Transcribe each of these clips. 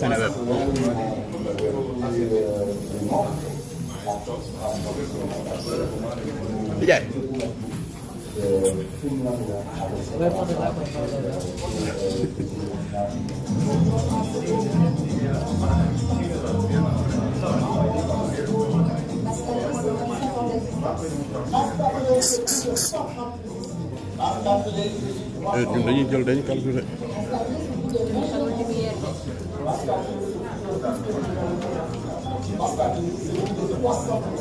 sen över. Figyelj! Evet, günde yiyeceğim, kalkıyor. that you, you, you, you,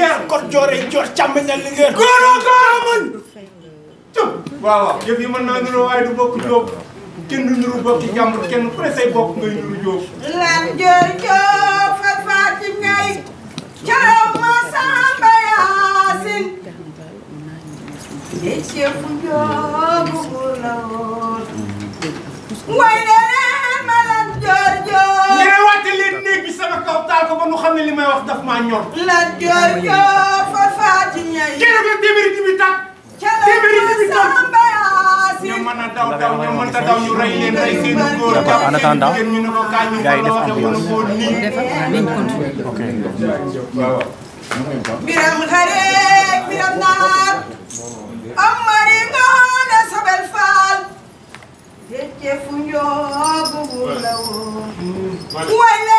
ger kon joore joor càmmeñ na li ngeen góoroo góoroo man waaw waaw yëf yi mën naa nuroo waaye du bokk jóob kenn du nuru bokki jàmbur kenn ku ne say bokk ngay nuru jóob lan joor jóob fa faati ngay caraw ma samba yaasin de ceefu jóobu bu la woon way ubbi sama kaw taal ko maa ñor. la joor yoo fa faati ñay. keroog la téeméeri ji bi tàkk. téeméeri ji bi tàkk. ñu mën a daw a daw ñu rey leen ñoo bëgg la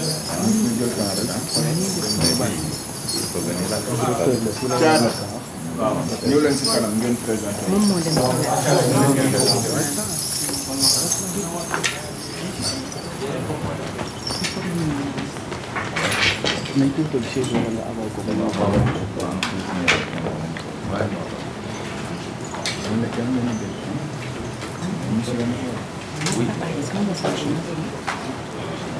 n a a t ñëw l si k a n ngeen p r é s e t é moom moo d a tëb h a i s e wala abal ko ba ñ o w o u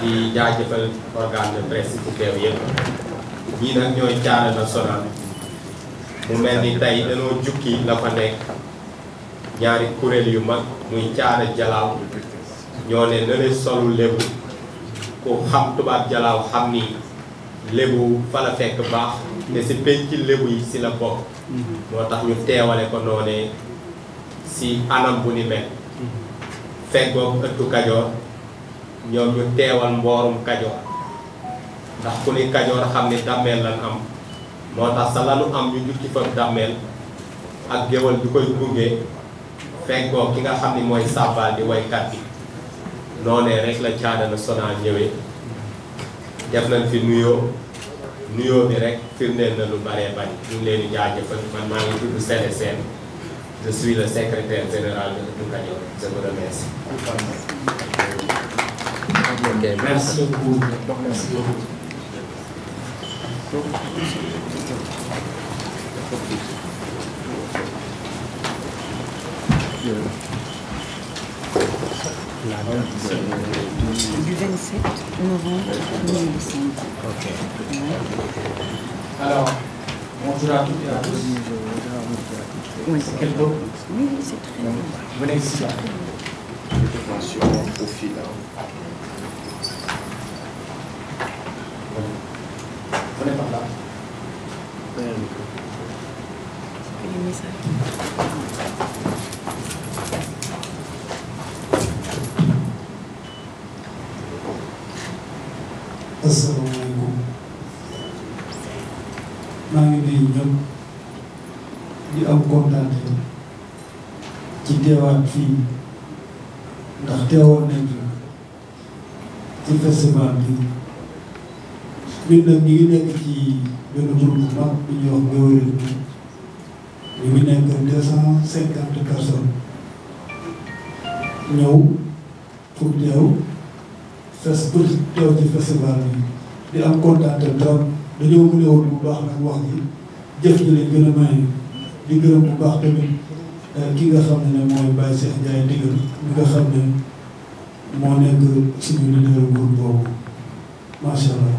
di jaajëfal organe de presse bu teew yëpp ñii nag ñooy Thiaré National mu mel ni tey dañoo jukki la fa nekk ñaari kuréel yu mag muy Thiaré Jalaaw ñoo ne na leen solu lébu ku xam tubaab Jalaaw xam ni lébu fa la fekk baax te si penc lébu yi si la bokk moo tax ñu teewale ko noonee si anam bu ni mel mm-hmm. fekkoog ëttu Kajoor ñoom ñu teewal mboorum kajoor ndax ku kajoor xam ni dàmmeel lan am moo tax sa lanu am ñu jukki fa dàmmeel ak géwal bi koy gunge fekkoo ki nga xam ni mooy sàbbaal di waykat bi noonee rek la caadana sonaa ñëwee def nañ fi nuyoo nuyoo bi rek firndeel na lu baree bari ñu ngi leen di jaajëfal man maa ngi tudd Sene Sène je suis le général de Kajoor je remercie Okay, merci beaucoup. Merci beaucoup. La date Du 27 novembre 2005. Ok. Alors, bonjour à toutes et à tous. C'est Quel beau Oui, c'est très bien. Venez ici. Je vais faire Attention, au profil. Prenez par là. Prenez le micro. asalaamaaleykum maa ngi nuyu ñëpp di am kontaan ci teewaat fii ndax teewoon nañ bi. ñun nag ñu nekk ci benn groupe bu mag bu ñuy wax Ngéwél ñu ngi nekk deux cent cinquante personnes ñëw pour teew fes pour teew ci festival bi di am kontaan trop dañoo mën a bu baax nag wax ji jëf ji lañ gën a may di gërëm bu baax tamit eh, ki nga xam ne mooy Baye Cheikh Ndiaye digal mi nga xam ne moo nekk suñu leader groupe boobu macha allah.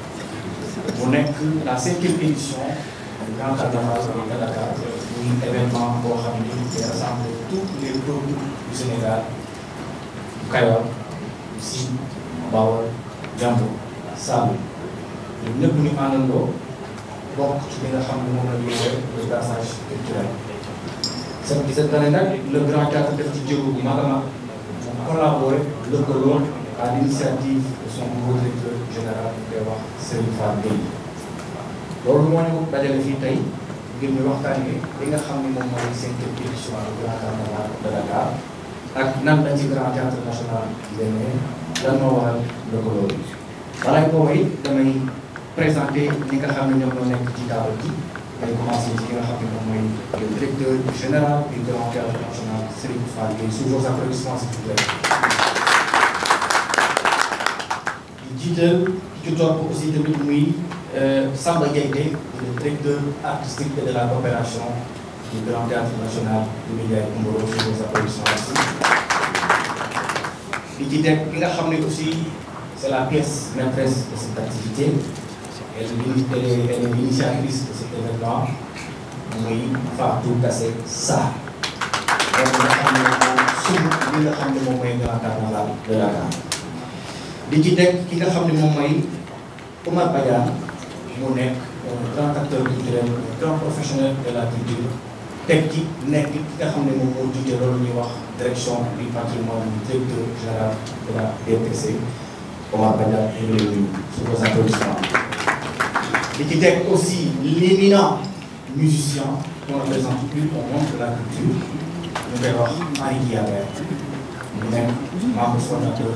On que la cinquième édition du Grand Carnaval de Dakar, un événement pour xam qui rassemble tous les groupes du Sénégal Kayor Sine Bawol Jambo Saloum ñun ñëpp ñu àndandoo bokk ci li nga xam ne moom la ñuy woowee le passage culturel. Cette gisal dana le grand théâtre de ci jéego bu mag a mag mu collaboré à l'initiative de son nouveau directeur général bu koy wax Serigne Fall Gueye loolu moo ñu dajale fii tey ngir ñu waxtaanee li nga xam ne moom mooy cinquième édition du Grand Carnaval de Dakar ak nan la ci Grand Théâtre National demee lan moo waral lëkkaloo bi. balaa ñu ko woy damay présenté ñi nga xam ne ñoom ñoo nekk ci taabal ji day commencé ci ki nga xam ne moom mooy le directeur général du Grand Théâtre National Serigne Fall Gueye sous vos applaudissements s'il vous plaît. jiital ki ci topp aussi le Moui, Samba Gaïté, le directeur artistique et de la coopération du Grand Théâtre National di Média Kumboro sur les applaudissements aussi. di ci teg aussi c'est la pièce maîtresse de cette activité elle est l'initiatrice de cet événement Moui Fatou Kassé ça. donc nga xam ne moom suñu li nga xam de moom de Grand Carnaval de la Dakar di qui teg ki nga xam Omar Bayan, mon nekk un grand acteur culturel un grand professionnel de la culture technique, ci qui ki nga xam ne moom direction du patrimoine directeur général de la DTC Omar Badiane ñu ngi lay nuyu sous vos applaudissements di ci teg aussi l'éminent musicien qu'on ne présente plus au monde de la culture mon koy wax guy Guillabert mu nekk membre fondateur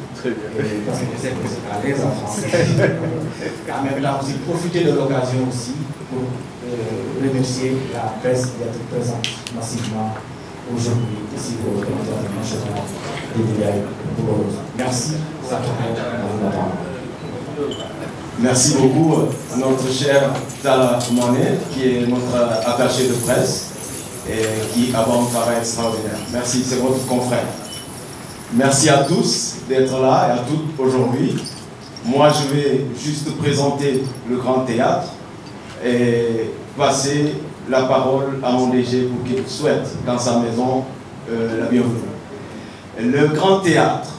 que je sais que c'est à les en français. Quand même, là aussi, profiter de l'occasion aussi pour euh, remercier la presse d'être présente massivement aujourd'hui ici au de l'enchaînement des Merci, ça Merci beaucoup à euh, notre cher Tala Manet qui est notre attaché de presse et qui a un travail extraordinaire. Merci, c'est votre confrère. Merci à tous d'être là et à toutes aujourd'hui. Moi, je vais juste présenter le grand théâtre et passer la parole à mon DG pour qu'il souhaite dans sa maison euh, la bienvenue. Le grand théâtre,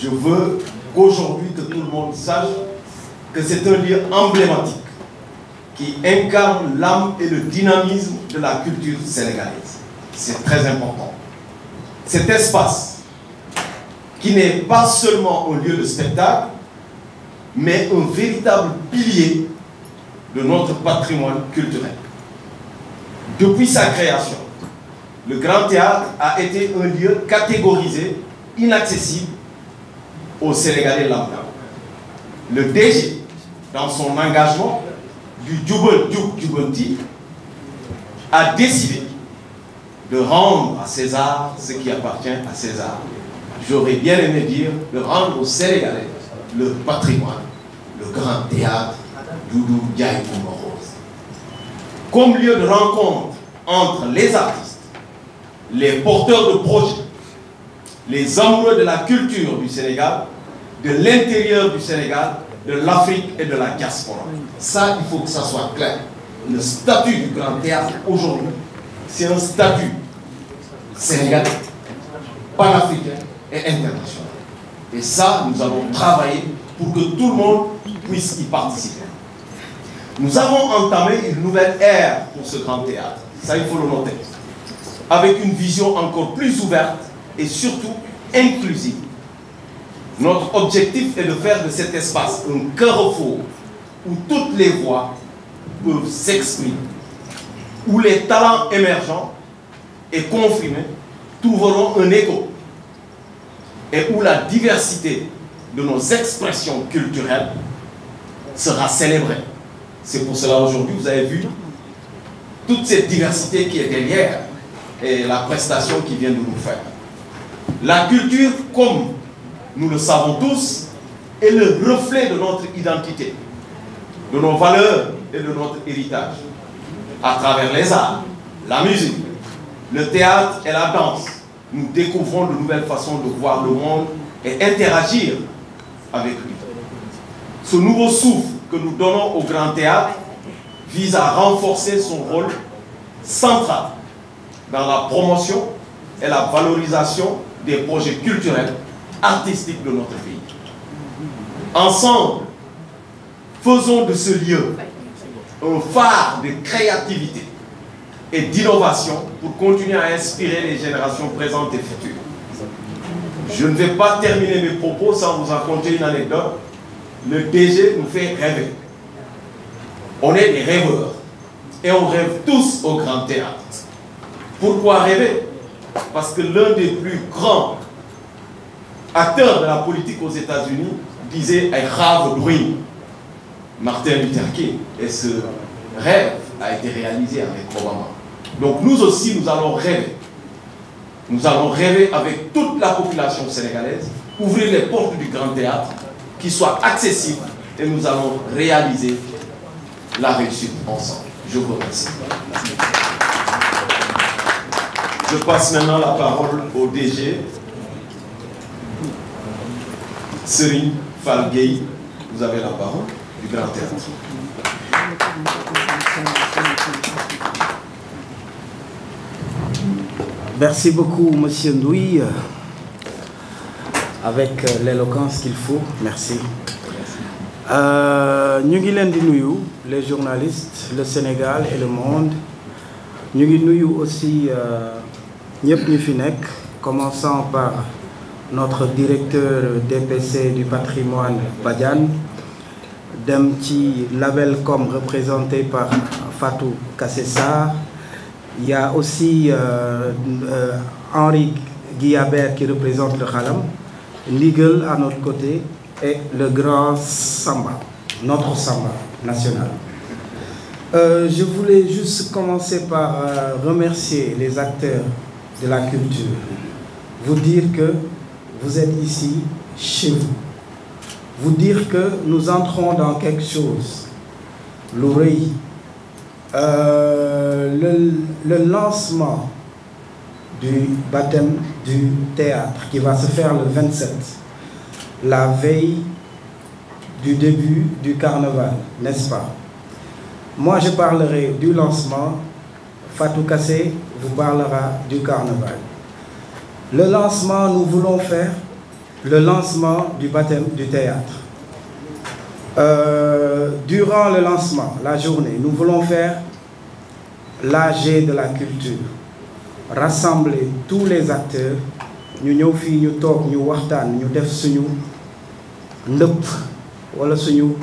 je veux qu'aujourd'hui que tout le monde sache que c'est un lieu emblématique qui incarne l'âme et le dynamisme de la culture sénégalaise. C'est très important. Cet espace qui n'est pas seulement un lieu de spectacle, mais un véritable pilier de notre patrimoine culturel. Depuis sa création, le Grand Théâtre a été un lieu catégorisé inaccessible aux Sénégalais lambda. Le DG, dans son engagement du Djoubel a décidé de rendre à César ce qui appartient à César j'aurais bien aimé dire, de rendre au Sénégalais le patrimoine, le grand théâtre Doudou Diaye Comme lieu de rencontre entre les artistes, les porteurs de projets, les amoureux de la culture du Sénégal, de l'intérieur du Sénégal, de l'Afrique et de la diaspora. Ça, il faut que ça soit clair. Le statut du grand théâtre aujourd'hui, c'est un statut sénégalais, panafricain, international. Et ça, nous allons travailler pour que tout le monde puisse y participer. Nous avons entamé une nouvelle ère pour ce grand théâtre. Ça, il faut le noter. Avec une vision encore plus ouverte et surtout inclusive. Notre objectif est de faire de cet espace un carrefour où toutes les voix peuvent s'exprimer, où les talents émergents et confirmés trouveront un écho et où la diversité de nos expressions culturelles sera célébrée. C'est pour cela aujourd'hui, vous avez vu toute cette diversité qui est derrière et la prestation qui vient de nous faire. La culture, comme nous le savons tous, est le reflet de notre identité, de nos valeurs et de notre héritage. À travers les arts, la musique, le théâtre et la danse, nous découvrons de nouvelles façons de voir le monde et interagir avec lui. Ce nouveau souffle que nous donnons au Grand Théâtre vise à renforcer son rôle central dans la promotion et la valorisation des projets culturels, artistiques de notre pays. Ensemble, faisons de ce lieu un phare de créativité et d'innovation pour continuer à inspirer les générations présentes et futures. Je ne vais pas terminer mes propos sans vous raconter une anecdote. Le DG nous fait rêver. On est des rêveurs et on rêve tous au grand théâtre. Pourquoi rêver Parce que l'un des plus grands acteurs de la politique aux États-Unis disait un grave bruit. Martin Luther King. Et ce rêve a été réalisé avec Obama. Donc nous aussi, nous allons rêver. Nous allons rêver avec toute la population sénégalaise, ouvrir les portes du grand théâtre, qui soit accessible, et nous allons réaliser la réussite ensemble. Je vous remercie. Je passe maintenant la parole au DG, Serine Falgei. Vous avez la parole du Grand Théâtre. Merci beaucoup, Monsieur Ndoui, avec euh, l'éloquence qu'il faut. Merci. Euh, ñu ngi les journalistes le Sénégal et le monde ñu ngi aussi euh, ñëpp ñu commençant par notre directeur DPC du patrimoine d'un petit label comme représenté par Fatou Kassessa, il y a aussi euh, euh, Henri Guillabert qui représente le Khalam, Nigel à notre côté et le grand Samba, notre Samba national. Euh, je voulais juste commencer par remercier les acteurs de la culture, vous dire que vous êtes ici chez vous, vous dire que nous entrons dans quelque chose, l'oreille euh, le, lancement du baptême du théâtre qui va se faire le 27, la veille du début du carnaval, n'est-ce pas Moi, je parlerai du lancement, Fatou Kassé vous parlera du carnaval. Le lancement, nous voulons faire le lancement du baptême du théâtre. Euh, durant le lancement, la journée, nous voulons faire l'AG de la culture rassembler tous les acteurs nous nous fii nous nous nous nous nous nous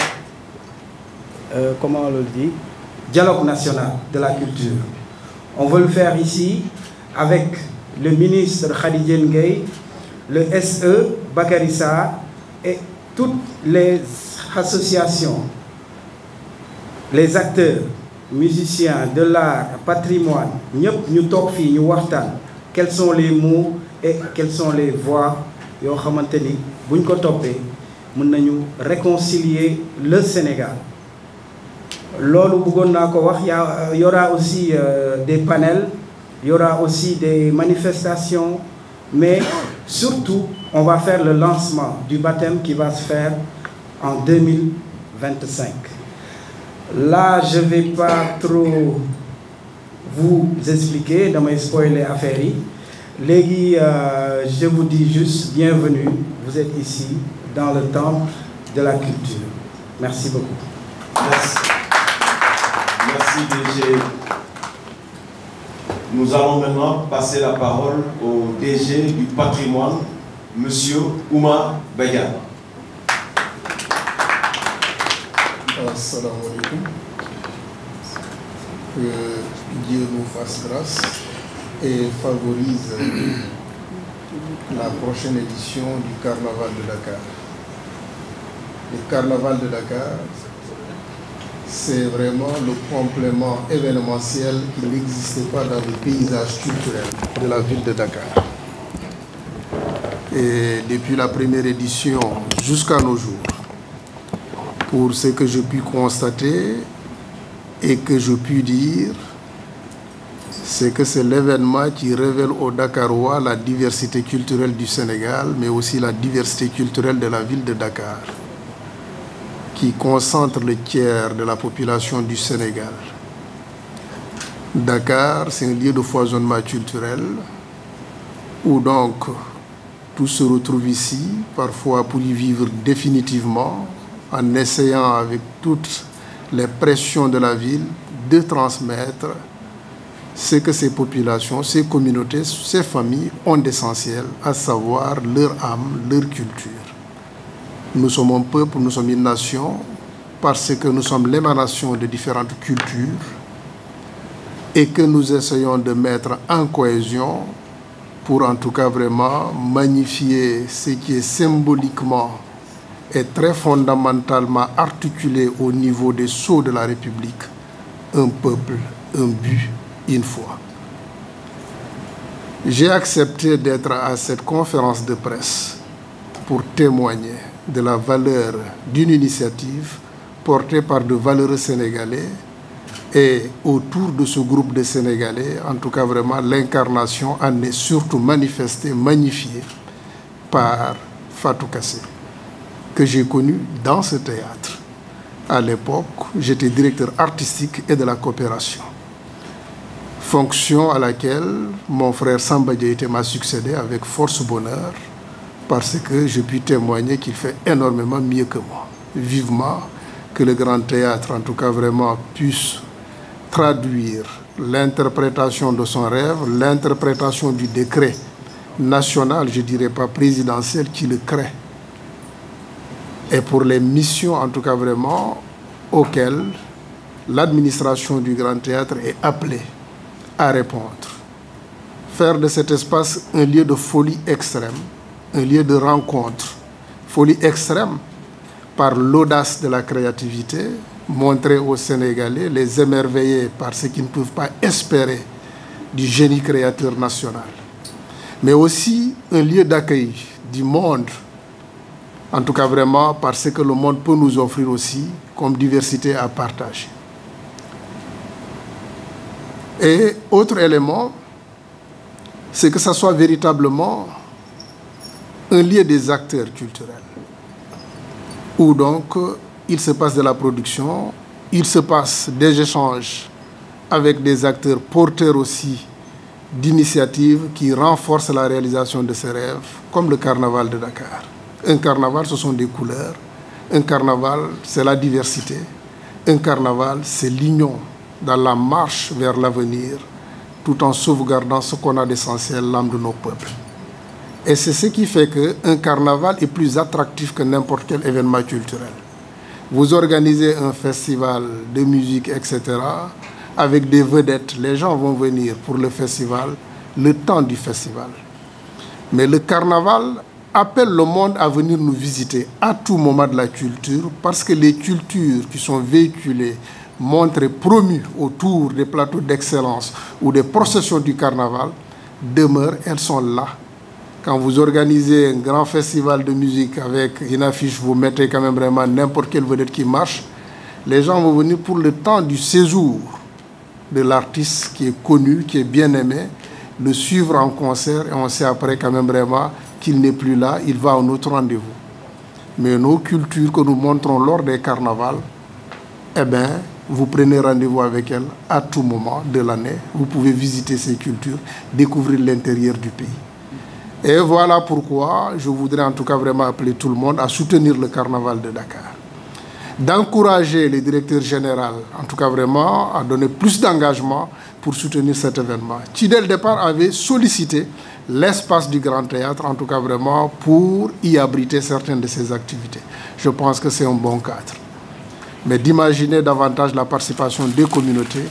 comment on le dit dialogue national de la culture on veut le faire ici avec le ministre Khady Diène le SE Bakarissa et toutes les associations les acteurs musiciens de l'art patrimoine nous ñu tous quels sont les mots et quelles sont les voix qui réconcilier le Sénégal Il euh, y aura aussi euh, des panels il y aura aussi des manifestations mais surtout on va faire le lancement du baptême qui va se faire en 2025 Là, je ne vais pas trop vous expliquer dans mes spoilers affaires. Légui, euh, je vous dis juste bienvenue. Vous êtes ici dans le temple de la culture. Merci beaucoup. Merci. Merci DG. Nous allons maintenant passer la parole au DG du patrimoine, Monsieur Oumar Bayan. que Dieu nous fasse grâce et favorise la prochaine édition du Carnaval de Dakar. Le Carnaval de Dakar, c'est vraiment le complément événementiel qui n'existait pas dans le paysage culturel de la ville de Dakar. Et depuis la première édition jusqu'à nos jours, pour ce que je puis constater et que je puis dire, c'est que c'est l'événement qui révèle aux Dakarois la diversité culturelle du Sénégal, mais aussi la diversité culturelle de la ville de Dakar, qui concentre le tiers de la population du Sénégal. Dakar, c'est un lieu de foisonnement culturel, où donc tout se retrouve ici, parfois pour y vivre définitivement, en essayant avec toutes les pressions de la ville de transmettre ce que ces populations, ces communautés, ces familles ont d'essentiel, à savoir leur âme, leur culture. Nous sommes un peuple, nous sommes une nation, parce que nous sommes l'émanation de différentes cultures et que nous essayons de mettre en cohésion pour en tout cas vraiment magnifier ce qui est symboliquement est très fondamentalement articulé au niveau des sceaux de la République. Un peuple, un but, une foi. J'ai accepté d'être à cette conférence de presse pour témoigner de la valeur d'une initiative portée par de valeureux Sénégalais et autour de ce groupe de Sénégalais, en tout cas vraiment l'incarnation en est surtout manifestée, magnifiée par Fatou Kassel que j'ai connu dans ce théâtre. À l'époque, j'étais directeur artistique et de la coopération. Fonction à laquelle mon frère Samba était m'a succédé avec force bonheur parce que je puis témoigner qu'il fait énormément mieux que moi. Vivement que le grand théâtre, en tout cas vraiment, puisse traduire l'interprétation de son rêve, l'interprétation du décret national, je dirais pas présidentiel, qui le crée et pour les missions, en tout cas vraiment, auxquelles l'administration du Grand Théâtre est appelée à répondre. Faire de cet espace un lieu de folie extrême, un lieu de rencontre. Folie extrême par l'audace de la créativité, montrer aux Sénégalais, les émerveiller par ce qu'ils ne peuvent pas espérer du génie créateur national. Mais aussi un lieu d'accueil du monde en tout cas, vraiment, parce que le monde peut nous offrir aussi comme diversité à partager. Et autre élément, c'est que ça soit véritablement un lieu des acteurs culturels, où donc il se passe de la production, il se passe des échanges avec des acteurs porteurs aussi d'initiatives qui renforcent la réalisation de ces rêves, comme le carnaval de Dakar. Un carnaval, ce sont des couleurs. Un carnaval, c'est la diversité. Un carnaval, c'est l'union dans la marche vers l'avenir, tout en sauvegardant ce qu'on a d'essentiel, l'âme de nos peuples. Et c'est ce qui fait qu'un carnaval est plus attractif que n'importe quel événement culturel. Vous organisez un festival de musique, etc., avec des vedettes. Les gens vont venir pour le festival, le temps du festival. Mais le carnaval appelle le monde à venir nous visiter à tout moment de la culture parce que les cultures qui sont véhiculées, montrées, promues autour des plateaux d'excellence ou des processions du carnaval demeurent, elles sont là. Quand vous organisez un grand festival de musique avec une affiche, vous mettez quand même vraiment n'importe quelle vedette qui marche, les gens vont venir pour le temps du séjour de l'artiste qui est connu, qui est bien aimé, le suivre en concert et on sait après quand même vraiment qu'il n'est plus là, il va à un autre rendez-vous. Mais nos cultures que nous montrons lors des carnavals, eh bien, vous prenez rendez-vous avec elles à tout moment de l'année. Vous pouvez visiter ces cultures, découvrir l'intérieur du pays. Et voilà pourquoi je voudrais en tout cas vraiment appeler tout le monde à soutenir le carnaval de Dakar. D'encourager les directeurs généraux, en tout cas vraiment, à donner plus d'engagement pour soutenir cet événement, qui dès le départ avait sollicité l'espace du Grand Théâtre, en tout cas vraiment, pour y abriter certaines de ses activités. Je pense que c'est un bon cadre. Mais d'imaginer davantage la participation des communautés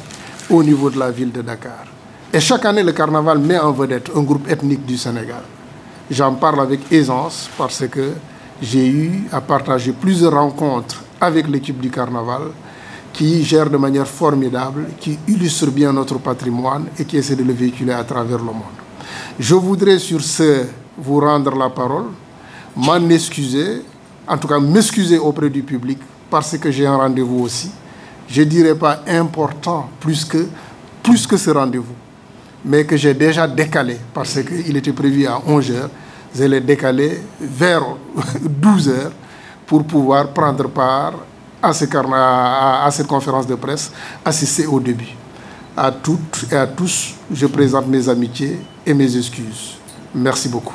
au niveau de la ville de Dakar. Et chaque année, le carnaval met en vedette un groupe ethnique du Sénégal. J'en parle avec aisance parce que j'ai eu à partager plusieurs rencontres avec l'équipe du carnaval qui gère de manière formidable, qui illustre bien notre patrimoine et qui essaie de le véhiculer à travers le monde. Je voudrais sur ce vous rendre la parole, m'en excuser, en tout cas m'excuser auprès du public parce que j'ai un rendez-vous aussi. Je ne dirais pas important plus que, plus que ce rendez-vous, mais que j'ai déjà décalé parce qu'il était prévu à 11h. Je l'ai décalé vers 12h pour pouvoir prendre part à, à cette conférence de presse, assister au début. À toutes et à tous, je présente mes amitiés et mes excuses. Merci beaucoup.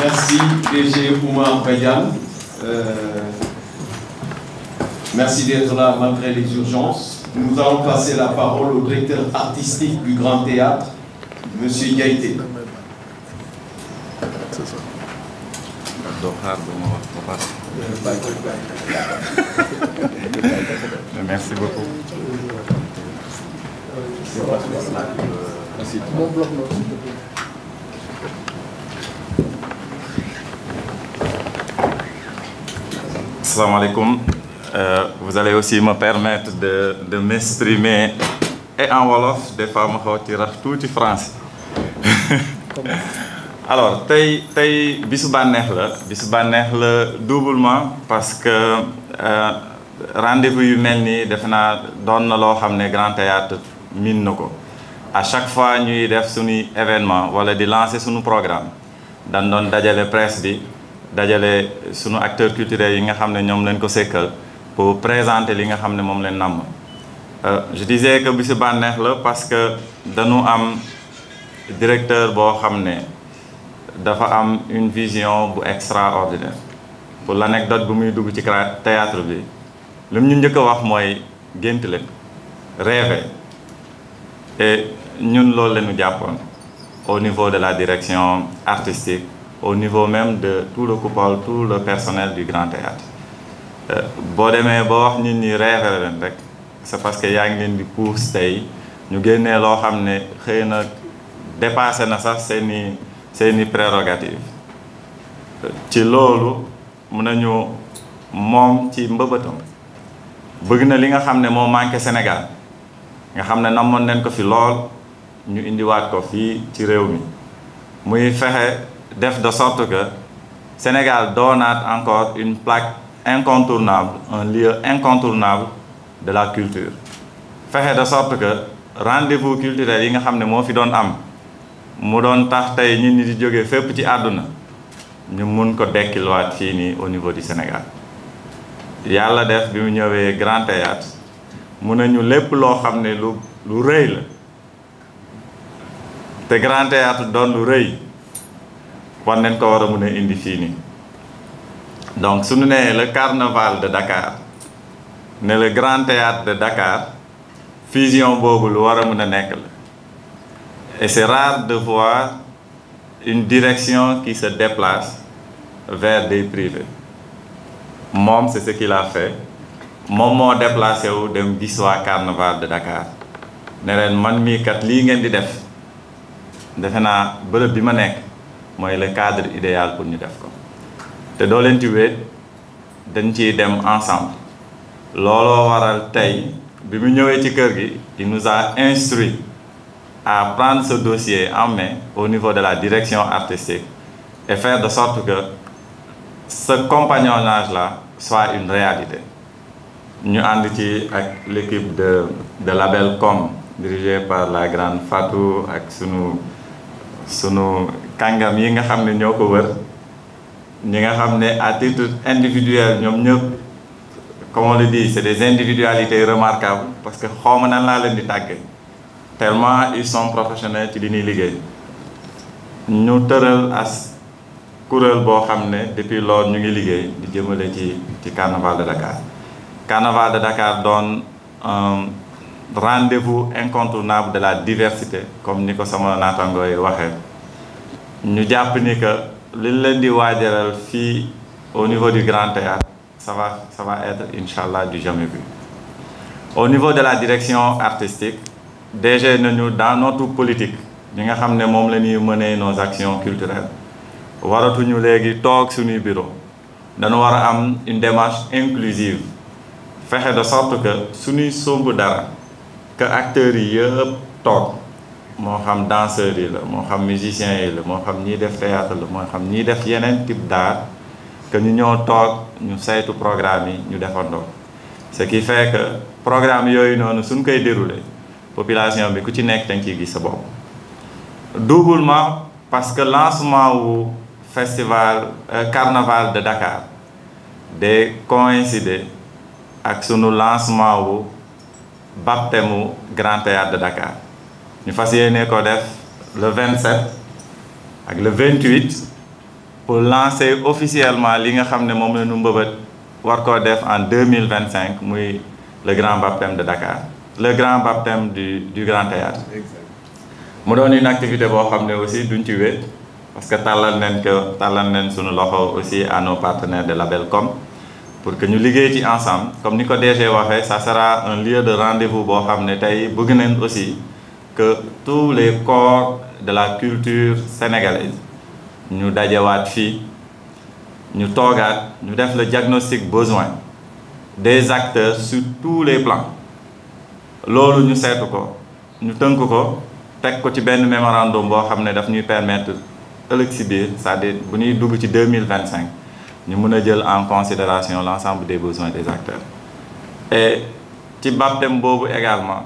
Merci DG Oumar Bayan. Euh, merci d'être là malgré les urgences. Nous allons passer la parole au directeur artistique du Grand Théâtre, M. Gaïté. ça. Euh, merci beaucoup. Salam Mon bloc, alaikum. Euh, vous allez aussi me permettre de, de m'exprimer et en Wolof, des fois qui vais tout France. Comment alors tay tay bisu banex la bisu banex la doublement parce que euh, rendez-vous yu melni defena don na lo xamné Grand Théâtre min nako à chaque fois ñuy def suñu événement wala di lancer suñu programme dañ don dajalé presse bi dajalé suñu acteurs culturels yi nga xamné ñom ñoom ko sékkal pour présenter li nga xamné mom moom nam euh, je disais que bisu banex la parce que dañu am directeur bo xamné dafa am une vision bu extraordinaire pour l'anecdote bu muy ci théâtre bi lu mu ñu njëkk a wax leen rêver et ñun loolu la au niveau de la direction artistique au niveau même de tout le couple, tout le personnel du grand théâtre euh, boo demee ba wax c'est parce que nous ngi leen di course tey ñu génnee loo xam ne xëy na dépassé na c'est une prérogative ci loolu mun nañu mom ci mbëbëtam bëgg na li nga xamné mo manké Sénégal nga xamné ne namoon nañ ko fi lool ñu waat ko fi ci réew mi muy fexé def de sorte que Sénégal doonaat encore une plaque incontournable un lieu incontournable de la culture Fexé de sorte que rendez-vous culturel yi nga xamné mo fi doon am mu doon tax tey ñun ñi di jógee fépp ci àdduna ñu mun ko dekkilwaat fii nii au niveau du Sénégal yàlla def bi mu ñëwee Grand Théâtre mun nañu lépp loo xam ne lu lu rëy la te Grand Théâtre doon lu rëy war nañ ko war a mun a indi fii nii donc suñu nee le carnaval de Dakar ne le Grand Théâtre de Dakar fusion boobu lu war a mun a nekk la Et c'est rare de voir une direction qui se déplace vers des privés. Mom, c'est ce qu'il a fait Mom m'a déplacé au dem carnaval de Dakar ne man mi kat li ngeen di def defe le cadre idéal pour nous def ko te do leen dem ensemble Lolo waral tay ci gi il nous a instruit à prendre ce dossier en main au niveau de la direction artistique et faire de sorte que ce compagnonnage-là soit une réalité. Nous sommes avec l'équipe de, de Com, dirigée par la grande Fatou, avec nous, sunu kangam nous avons xam ne à titre individuel comme on le dit c'est des individualités remarquables parce que nous avons laa leen di tellement ils sont professionnels ci li ñuy liggéey ñu tëral as kurel bo xamné depuis lool ñu ngi liggéey di ci ci carnaval de Dakar carnaval de Dakar un euh, rendez-vous incontournable de la diversité comme niko sama naataango yi waxee ñu ni que liñ leen di au niveau du Grand Théâtre ça va ça va être inshallah du jamais vu au niveau de la direction artistique déjà nous dans notre politique nous nga xam ne moom la mener nos actions culturelles waratuñu léegi toog suñuy bureau dañu war a am une démarche inclusive Faire de sorte que nous sommes dara que acteurs yi talk, toog xam danseurs yi la xam musiciens yi la moo xam ñiy def théâtre la moo xam ñiy def yeneen type d'art que ñu ñoo toog ñu saytu programme yi ñu defandoo ce qui fait que programme yooyu noonu suñ koy dérouler population bi ku ci nekk danga ciy gis sa bopp doublement parce que lancement du festival euh, carnaval de Dakar a coïncidé ak le lancement du baptême Grand Théâtre de Dakar Nous avons yéene ko def le 27 et le 28 pour lancer officiellement li nga xam ne la en 2025 le grand baptême de Dakar le grand baptême du, grand théâtre mu donne une activité pour vous, aussi d'une parce que nous avons aussi à nos partenaires de la Belcom, pour que nous liguions ensemble comme nous l'avons déjà fait, ça sera un lieu de rendez-vous pour vous, aussi que tous les corps de la culture sénégalaise nous dajewaat nous nous toogaat ñu le diagnostic besoin des acteurs sur tous les plans lolu ñu sétu ko ñu tënk ko tek ko ci benn mémorandum boo xam ne daf ñuy permettre ëllëg si biir c'est-à-dire bu ñuy dugg ci 2025 ñu mën jël en considération l'ensemble des besoins des acteurs et ci baptême boobu également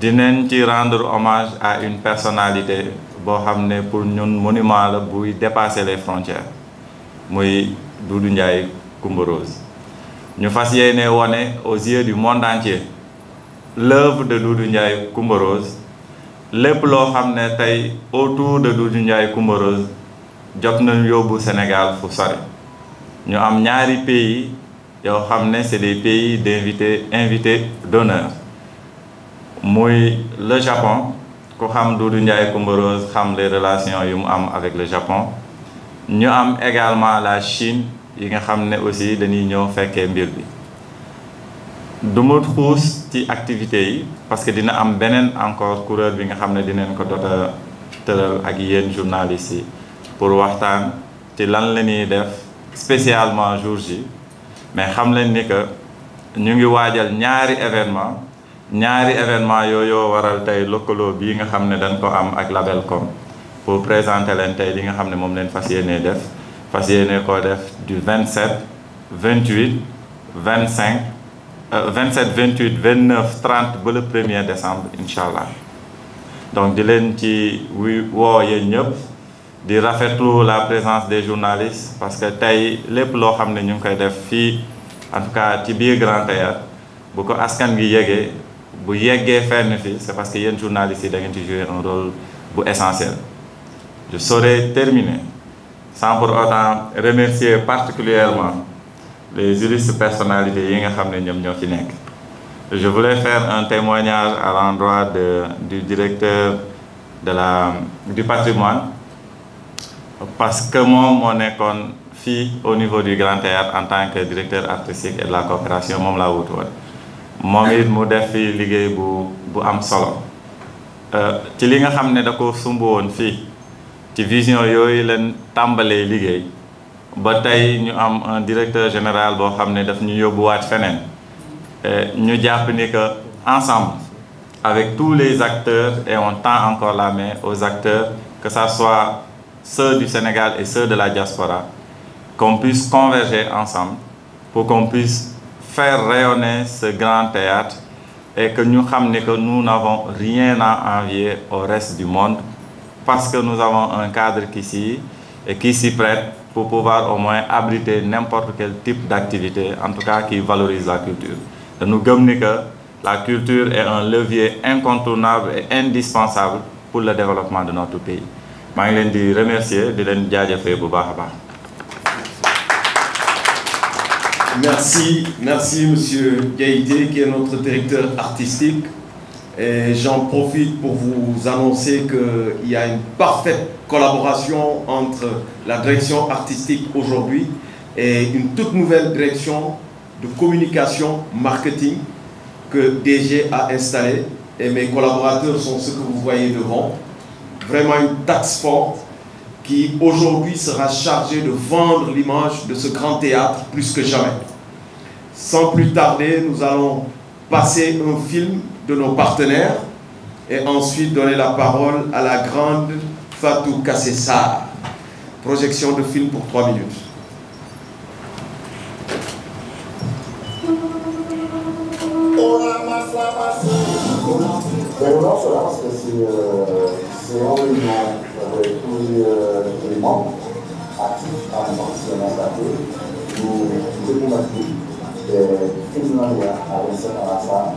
dinañ ci rendre hommage à une personnalité boo xam ne pour ñun monument la buy dépasser les frontières muy Doudou Ndiaye Coumba Rose ñu fas yéene aux yeux du monde entier l'œuvre de Doudou Ndiaye Coumba Rose lépp loo autour de Doudou Ndiaye Coumba Rose jot nañu yóbbu Sénégal fu sori ñu am ñaari pays yo xam c'est des pays d'invités invités d'honneur moy le Japon ko xam Doudou Ndiaye Rose xam les relations yu mu am avec le Japon ñu am également la Chine yi nga xam aussi dañuy ñëw fekkee mbir bi du ma xuus ci activités yi parce que dina am beneen encore kuréel bi nga xam ne dinañ ko doot a ak yéen journalistes yi pour waxtaan ci lan la ñuy def spécialement jour ji mais xam leen ni que ñu ngi waajal ñaari événement ñaari événement yooyu waral tey lëkkaloo bii nga xam ne dañ ko am ak Labelcom pour présenter leen tey li nga xam ne moom leen fas yéenee def fas yéenee koo def du vingt vingt 27 vingt cinq 27 28 29 30 le 1er décembre Inch'Allah. donc di vous ci de woo di rafetlu la présence des journalistes parce que tay lepp lo xam ne ñu koy def en tout cas ci biir Grand Théâtre bu ko askan gi bu fenn c'est parce que y journalistes yi da qui ci jouer un rôle essentiel je saurais terminer sans pour autant remercier particulièrement les juristes personnalités yi nga xamné ne ñoo ci nekk je voulais faire un témoignage à l'endroit de du directeur de la du patrimoine parce que moi mon nekkoon fi au niveau du Grand Théâtre en tant que directeur artistique et de la coopération mom la wut won moom it mu def fii liggéey bu bu am solo euh, ci li nga xamné ne da ko sumb woon fii ci vision yoy len tambalé liguey ba nous un directeur général nous xam en daf ñu faire que ensemble avec tous les acteurs et on tend encore la main aux acteurs que ça soit ceux du Sénégal et ceux de la diaspora qu'on puisse converger ensemble pour qu'on puisse faire rayonner ce grand théâtre et que nous que nous n'avons rien à envier au reste du monde parce que nous avons un cadre et qui s'y prête pour pouvoir au moins abriter n'importe quel type d'activité, en tout cas qui valorise la culture. nous sommes que la culture est un levier incontournable et indispensable pour le développement de notre pays. Je vous remercie Merci, merci Monsieur Gaïdé qui est notre directeur artistique. Et j'en profite pour vous annoncer qu'il y a une parfaite collaboration entre la direction artistique aujourd'hui et une toute nouvelle direction de communication marketing que DG a installée. Et mes collaborateurs sont ceux que vous voyez devant. Vraiment une taxe forte qui aujourd'hui sera chargée de vendre l'image de ce grand théâtre plus que jamais. Sans plus tarder, nous allons passer un film de nos partenaires et ensuite donner la parole à la grande Fatou Kassessar. Projection de film pour 3 minutes. Non, c'est parce euh, que c'est en réunion avec tous les euh, membres actifs à l'enseignement santé. Nous devons tous les criminels à la santé.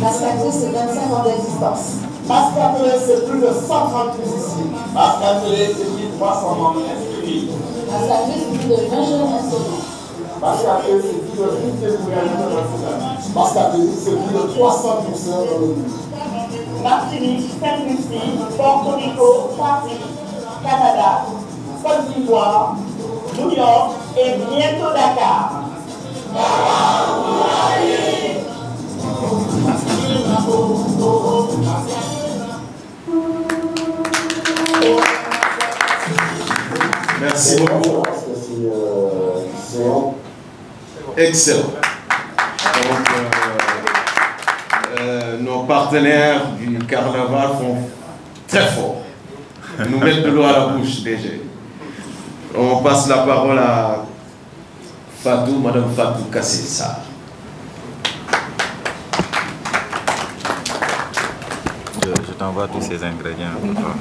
Parce France, c'est 25 ans d'existence. Parce c'est plus de 130 musiciens. Parce c'est 300 membres inscrits. Parce Pascal, c'est plus de 20 jeunes instruments. c'est plus de c'est plus de 300 dans le Martinique, Saint-Lucie, Porto Rico, Paris, Canada, Côte d'Ivoire, New York et bientôt Dakar. Merci beaucoup. Excellent. Donc, euh, euh, nos partenaires du carnaval font très fort. Ils nous mettent de l'eau à la bouche déjà. On passe la parole à Fatou, Madame Fatou Kassessa. Je, je t'envoie tous ces ingrédients D'accord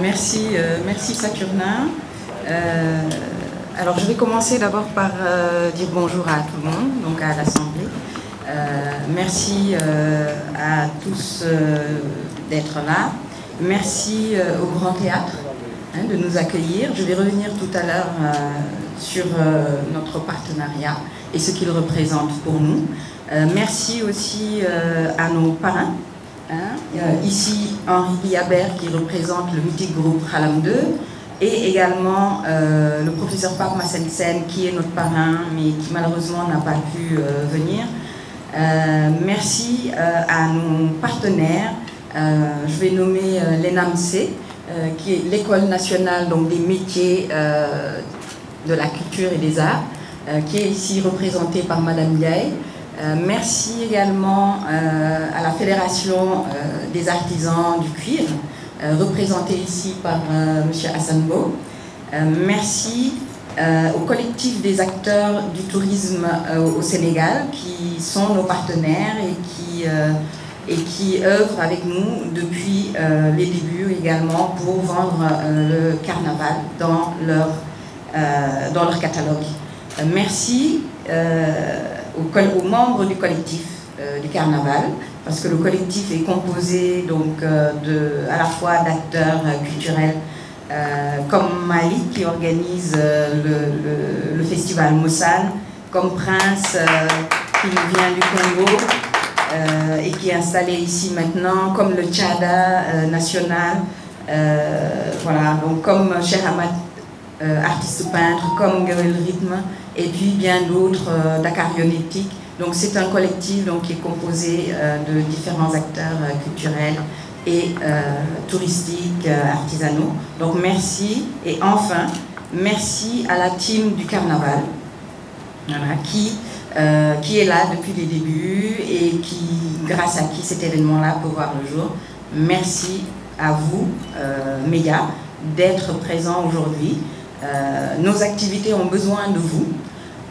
merci, euh, merci Saturnin. Euh, alors je vais commencer d'abord par euh, dire bonjour à tout le monde, donc à l'Assemblée. merci à tous d'être là. Merci au Grand Théâtre hein, de nous accueillir. Je vais revenir tout à l'heure sur notre partenariat et ce qu'il représente pour nous. merci aussi à nos parrains Hein? Euh, ici, Henri Guillabert qui représente le mythique groupe Halam 2 et également euh, le professeur Park Sensen qui est notre parrain mais qui malheureusement n'a pas pu euh, venir. merci à nos partenaires. je vais nommer l'ENAMC qui est l'école nationale des métiers de la culture et des arts qui est ici représentée par Madame Yael. Euh, merci également euh, à la Fédération euh, des artisans du cuir, représentée ici par M. Hassanbo. merci au collectif des acteurs du tourisme au Sénégal qui sont nos partenaires et qui, et qui œuvrent avec nous depuis les débuts également pour vendre le carnaval dans leur, dans leur catalogue. merci. Euh, aux, membres du collectif euh, du carnaval, parce que le collectif est composé donc, euh, de, à la fois d'acteurs culturels comme Mali qui organise le, festival Mossan comme Prince qui vient du Congo, et qui est installé ici maintenant, comme le Tchada national, voilà, donc comme Cher Hamad, artiste peintre, comme Gabriel Rythme, et puis bien d'autres, euh, d'Acarionétique. Donc c'est un collectif donc, qui est composé euh, de différents acteurs euh, culturels et touristiques, artisanaux. Donc merci. Et enfin, merci à la team du carnaval qui, qui est là depuis les débuts et qui, grâce à qui cet événement-là peut voir le jour. Merci à vous, euh, Méga, d'être présents aujourd'hui. nos activités ont besoin de vous.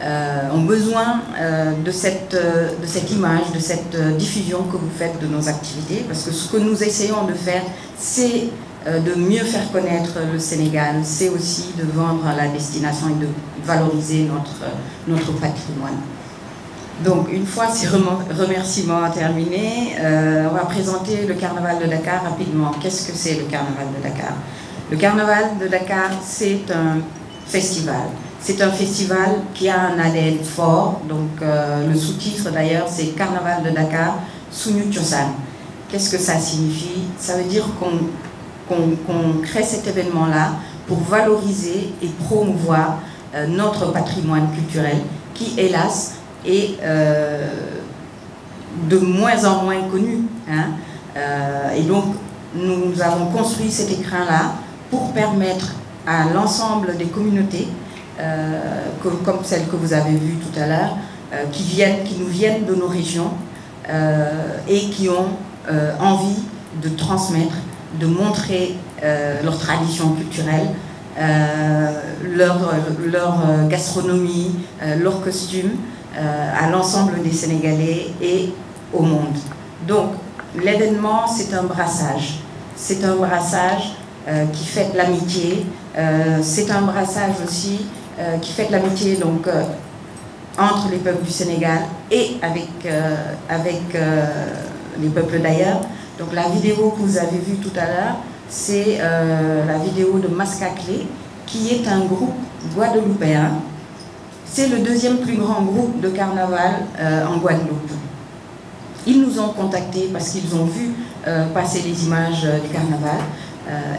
Euh, ont besoin euh, de, cette, euh, de cette image, de cette diffusion que vous faites de nos activités, parce que ce que nous essayons de faire, c'est de mieux faire connaître le Sénégal, c'est aussi de vendre la destination et de valoriser notre, notre patrimoine. Donc une fois ces remerciements terminés, on va présenter le carnaval de Dakar rapidement. Qu'est-ce que c'est le carnaval de Dakar Le carnaval de Dakar, c'est un festival. C'est un festival qui a un ADN fort. Donc, euh, le sous-titre d'ailleurs, c'est Carnaval de Dakar, Sunyu Tchosan. Qu'est-ce que ça signifie Ça veut dire qu'on crée cet événement-là pour valoriser et promouvoir euh, notre patrimoine culturel qui, hélas, est euh, de moins en moins connu. Hein. et donc, nous avons construit cet écran-là pour permettre à l'ensemble des communautés euh, comme celles que vous avez vues tout à l'heure, euh, qui, viennent, qui nous viennent de nos régions euh, et qui ont envie de transmettre, de montrer leur tradition culturelle, leur, gastronomie, leur costume à l'ensemble des Sénégalais et au monde. Donc, l'événement, c'est un brassage. C'est un brassage qui fait l'amitié. c'est un brassage aussi euh, qui fête l'amitié donc euh, entre les peuples du Sénégal et avec, euh, avec les peuples d'ailleurs. Donc la vidéo que vous avez vue tout à l'heure, c'est la vidéo de Mascaclé, qui est un groupe guadeloupéen. C'est le deuxième plus grand groupe de carnaval en Guadeloupe. Ils nous ont contactés parce qu'ils ont vu passer les images du carnaval.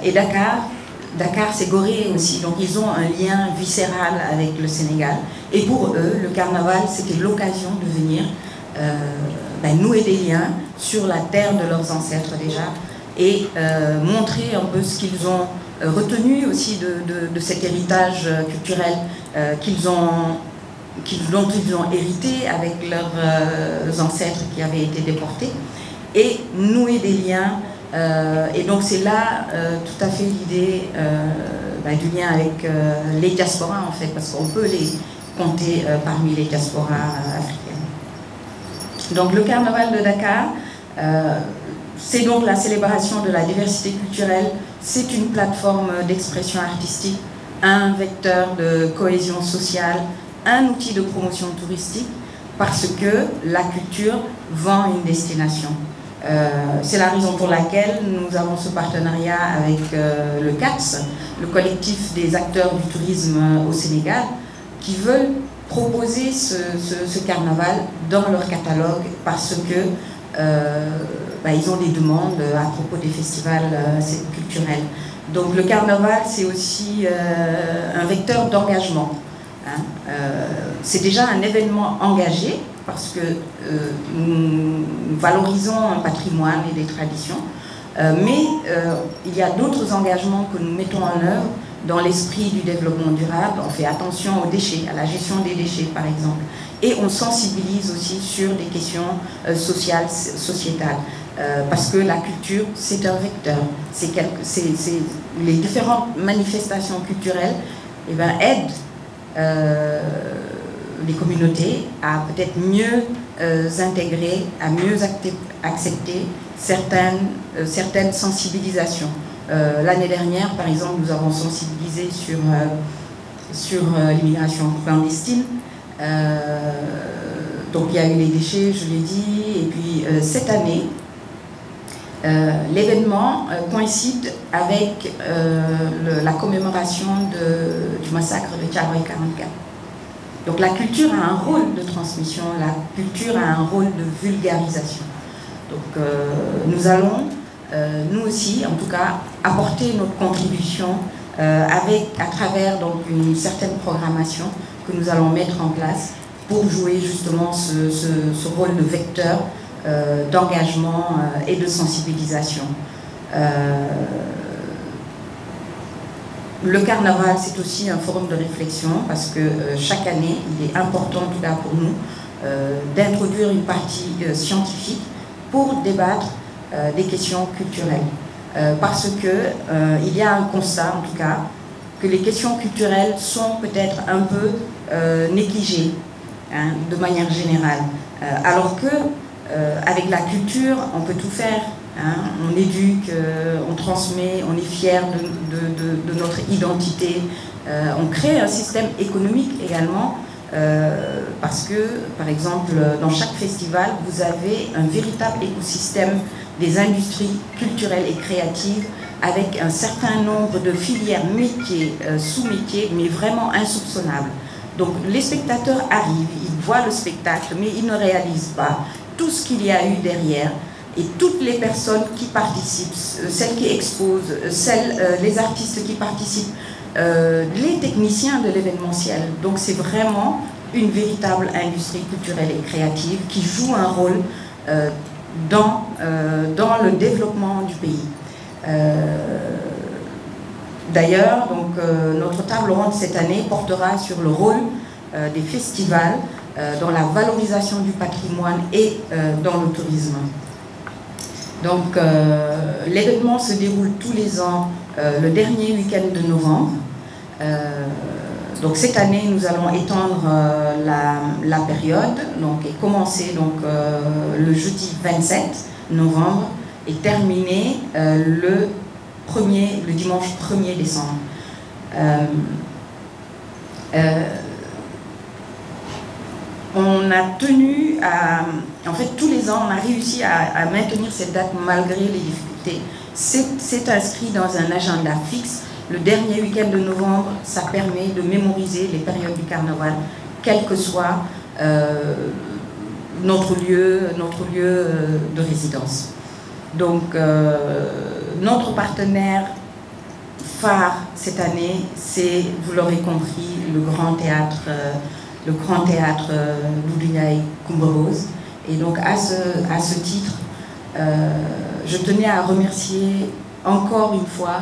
et Dakar, Dakar, c'est Gorée aussi, donc ils ont un lien viscéral avec le Sénégal. Et pour eux, le carnaval, c'était l'occasion de venir euh, ben, nouer des liens sur la terre de leurs ancêtres déjà et euh, montrer un peu ce qu'ils ont euh, retenu aussi de, cet héritage culturel qu'ils ont dont ils ont hérité avec leurs ancêtres qui avaient été déportés, et nouer des liens euh, et donc c'est là euh, tout à fait l'idée euh, bah, du lien avec les diasporas en fait, parce qu'on peut les compter parmi les diasporas africaines. Donc le carnaval de Dakar, c'est donc la célébration de la diversité culturelle, c'est une plateforme d'expression artistique, un vecteur de cohésion sociale, un outil de promotion touristique, parce que la culture vend une destination. Euh, c'est la raison pour laquelle nous avons ce partenariat avec euh, le CATS, le collectif des acteurs du tourisme euh, au Sénégal, qui veulent proposer ce, carnaval dans leur catalogue parce que bah, ils ont des demandes à propos des festivals culturels. Donc le carnaval, c'est aussi un vecteur d'engagement. Hein. c'est déjà un événement engagé parce que euh, nous valorisons un patrimoine et des traditions, euh, mais euh, il y a d'autres engagements que nous mettons en œuvre dans l'esprit du développement durable. On fait attention aux déchets, à la gestion des déchets par exemple, et on sensibilise aussi sur des questions sociales, sociétales. parce que la culture, c'est un vecteur. C'est les différentes manifestations culturelles eh ben, aident les communautés à peut-être mieux euh, intégrer, à mieux accepter certaines, euh, certaines sensibilisations. Euh, l'année dernière, par exemple, nous avons sensibilisé sur, sur l'immigration clandestine. donc il y a eu les déchets, je l'ai dit, et puis cette année, l'événement coïncide avec la commémoration du massacre de Tchaboy 44. Donc la culture a un rôle de transmission, la culture a un rôle de vulgarisation. Donc euh, nous allons, euh, nous aussi, en tout cas, apporter notre contribution euh, avec, à travers donc, une certaine programmation que nous allons mettre en place pour jouer justement ce rôle de vecteur d'engagement et de sensibilisation. Le carnaval, c'est aussi un forum de réflexion parce que euh, chaque année, il est important, pour nous, euh, d'introduire une partie euh, scientifique pour débattre des questions culturelles. parce que il y a un constat, en tout cas, que les questions culturelles sont peut-être un peu négligées hein, de manière générale. alors que avec la culture, on peut tout faire Hein, on éduque, euh, on transmet, on est fier de, notre identité. Euh, on crée un système économique également euh, parce que, par exemple, dans chaque festival, vous avez un véritable écosystème des industries culturelles et créatives avec un certain nombre de filières métiers, sous-métiers, mais vraiment insoupçonnables. Donc les spectateurs arrivent, ils voient le spectacle, mais ils ne réalisent pas tout ce qu'il y a eu derrière et toutes les personnes qui participent, euh, celles qui exposent, euh, celles, euh, les artistes qui participent, les techniciens de l'événementiel. Donc c'est vraiment une véritable industrie culturelle et créative qui joue un rôle dans, dans le développement du pays. D'ailleurs, notre table ronde cette année portera sur le rôle des festivals dans la valorisation du patrimoine et dans le tourisme. Donc euh, l'événement se déroule tous les ans euh, le dernier week-end de novembre. Euh, donc cette année, nous allons étendre la, période donc, et commencer donc, le jeudi 27 novembre et terminer le, le dimanche 1er décembre on a tenu à... En fait, tous les ans, on a réussi à, maintenir cette date malgré les difficultés. C'est inscrit dans un agenda fixe. Le dernier week-end de novembre, ça permet de mémoriser les périodes du carnaval, quel que soit euh, notre lieu, notre lieu euh, de résidence. Donc, euh, notre partenaire phare cette année, c'est, vous l'aurez compris, le Grand Théâtre le grand théâtre euh, Loulinaï Kumborose. Et donc à ce, à ce titre, euh, je tenais à remercier encore une fois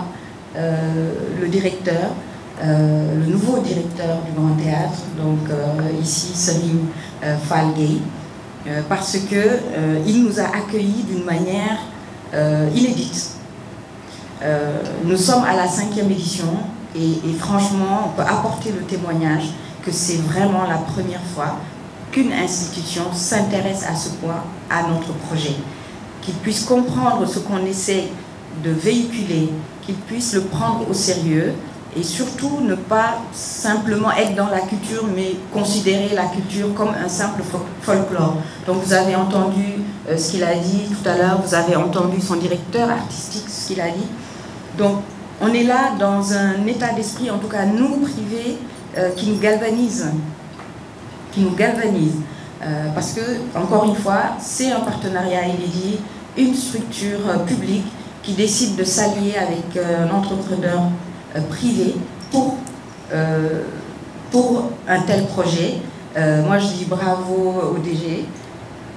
euh, le directeur, le nouveau directeur du Grand Théâtre, donc ici Salim Falgay, parce qu'il nous a accueillis d'une manière inédite. nous sommes à la cinquième édition et, et, franchement, on peut apporter le témoignage que c'est vraiment la première fois qu'une institution s'intéresse à ce point à notre projet, qu'il puisse comprendre ce qu'on essaie de véhiculer, qu'il puisse le prendre au sérieux et surtout ne pas simplement être dans la culture, mais considérer la culture comme un simple folklore. Donc vous avez entendu euh, ce qu'il a dit tout à l'heure, vous avez entendu son directeur artistique, ce qu'il a dit. Donc on est là dans un état d'esprit, en tout cas nous privés, euh, qui nous galvanise. Qui nous galvanise. Euh, parce que, encore une fois, c'est un partenariat inédit, une structure euh, publique qui décide de s'allier avec un entrepreneur privé pour, pour un tel projet. moi, je dis bravo au DG,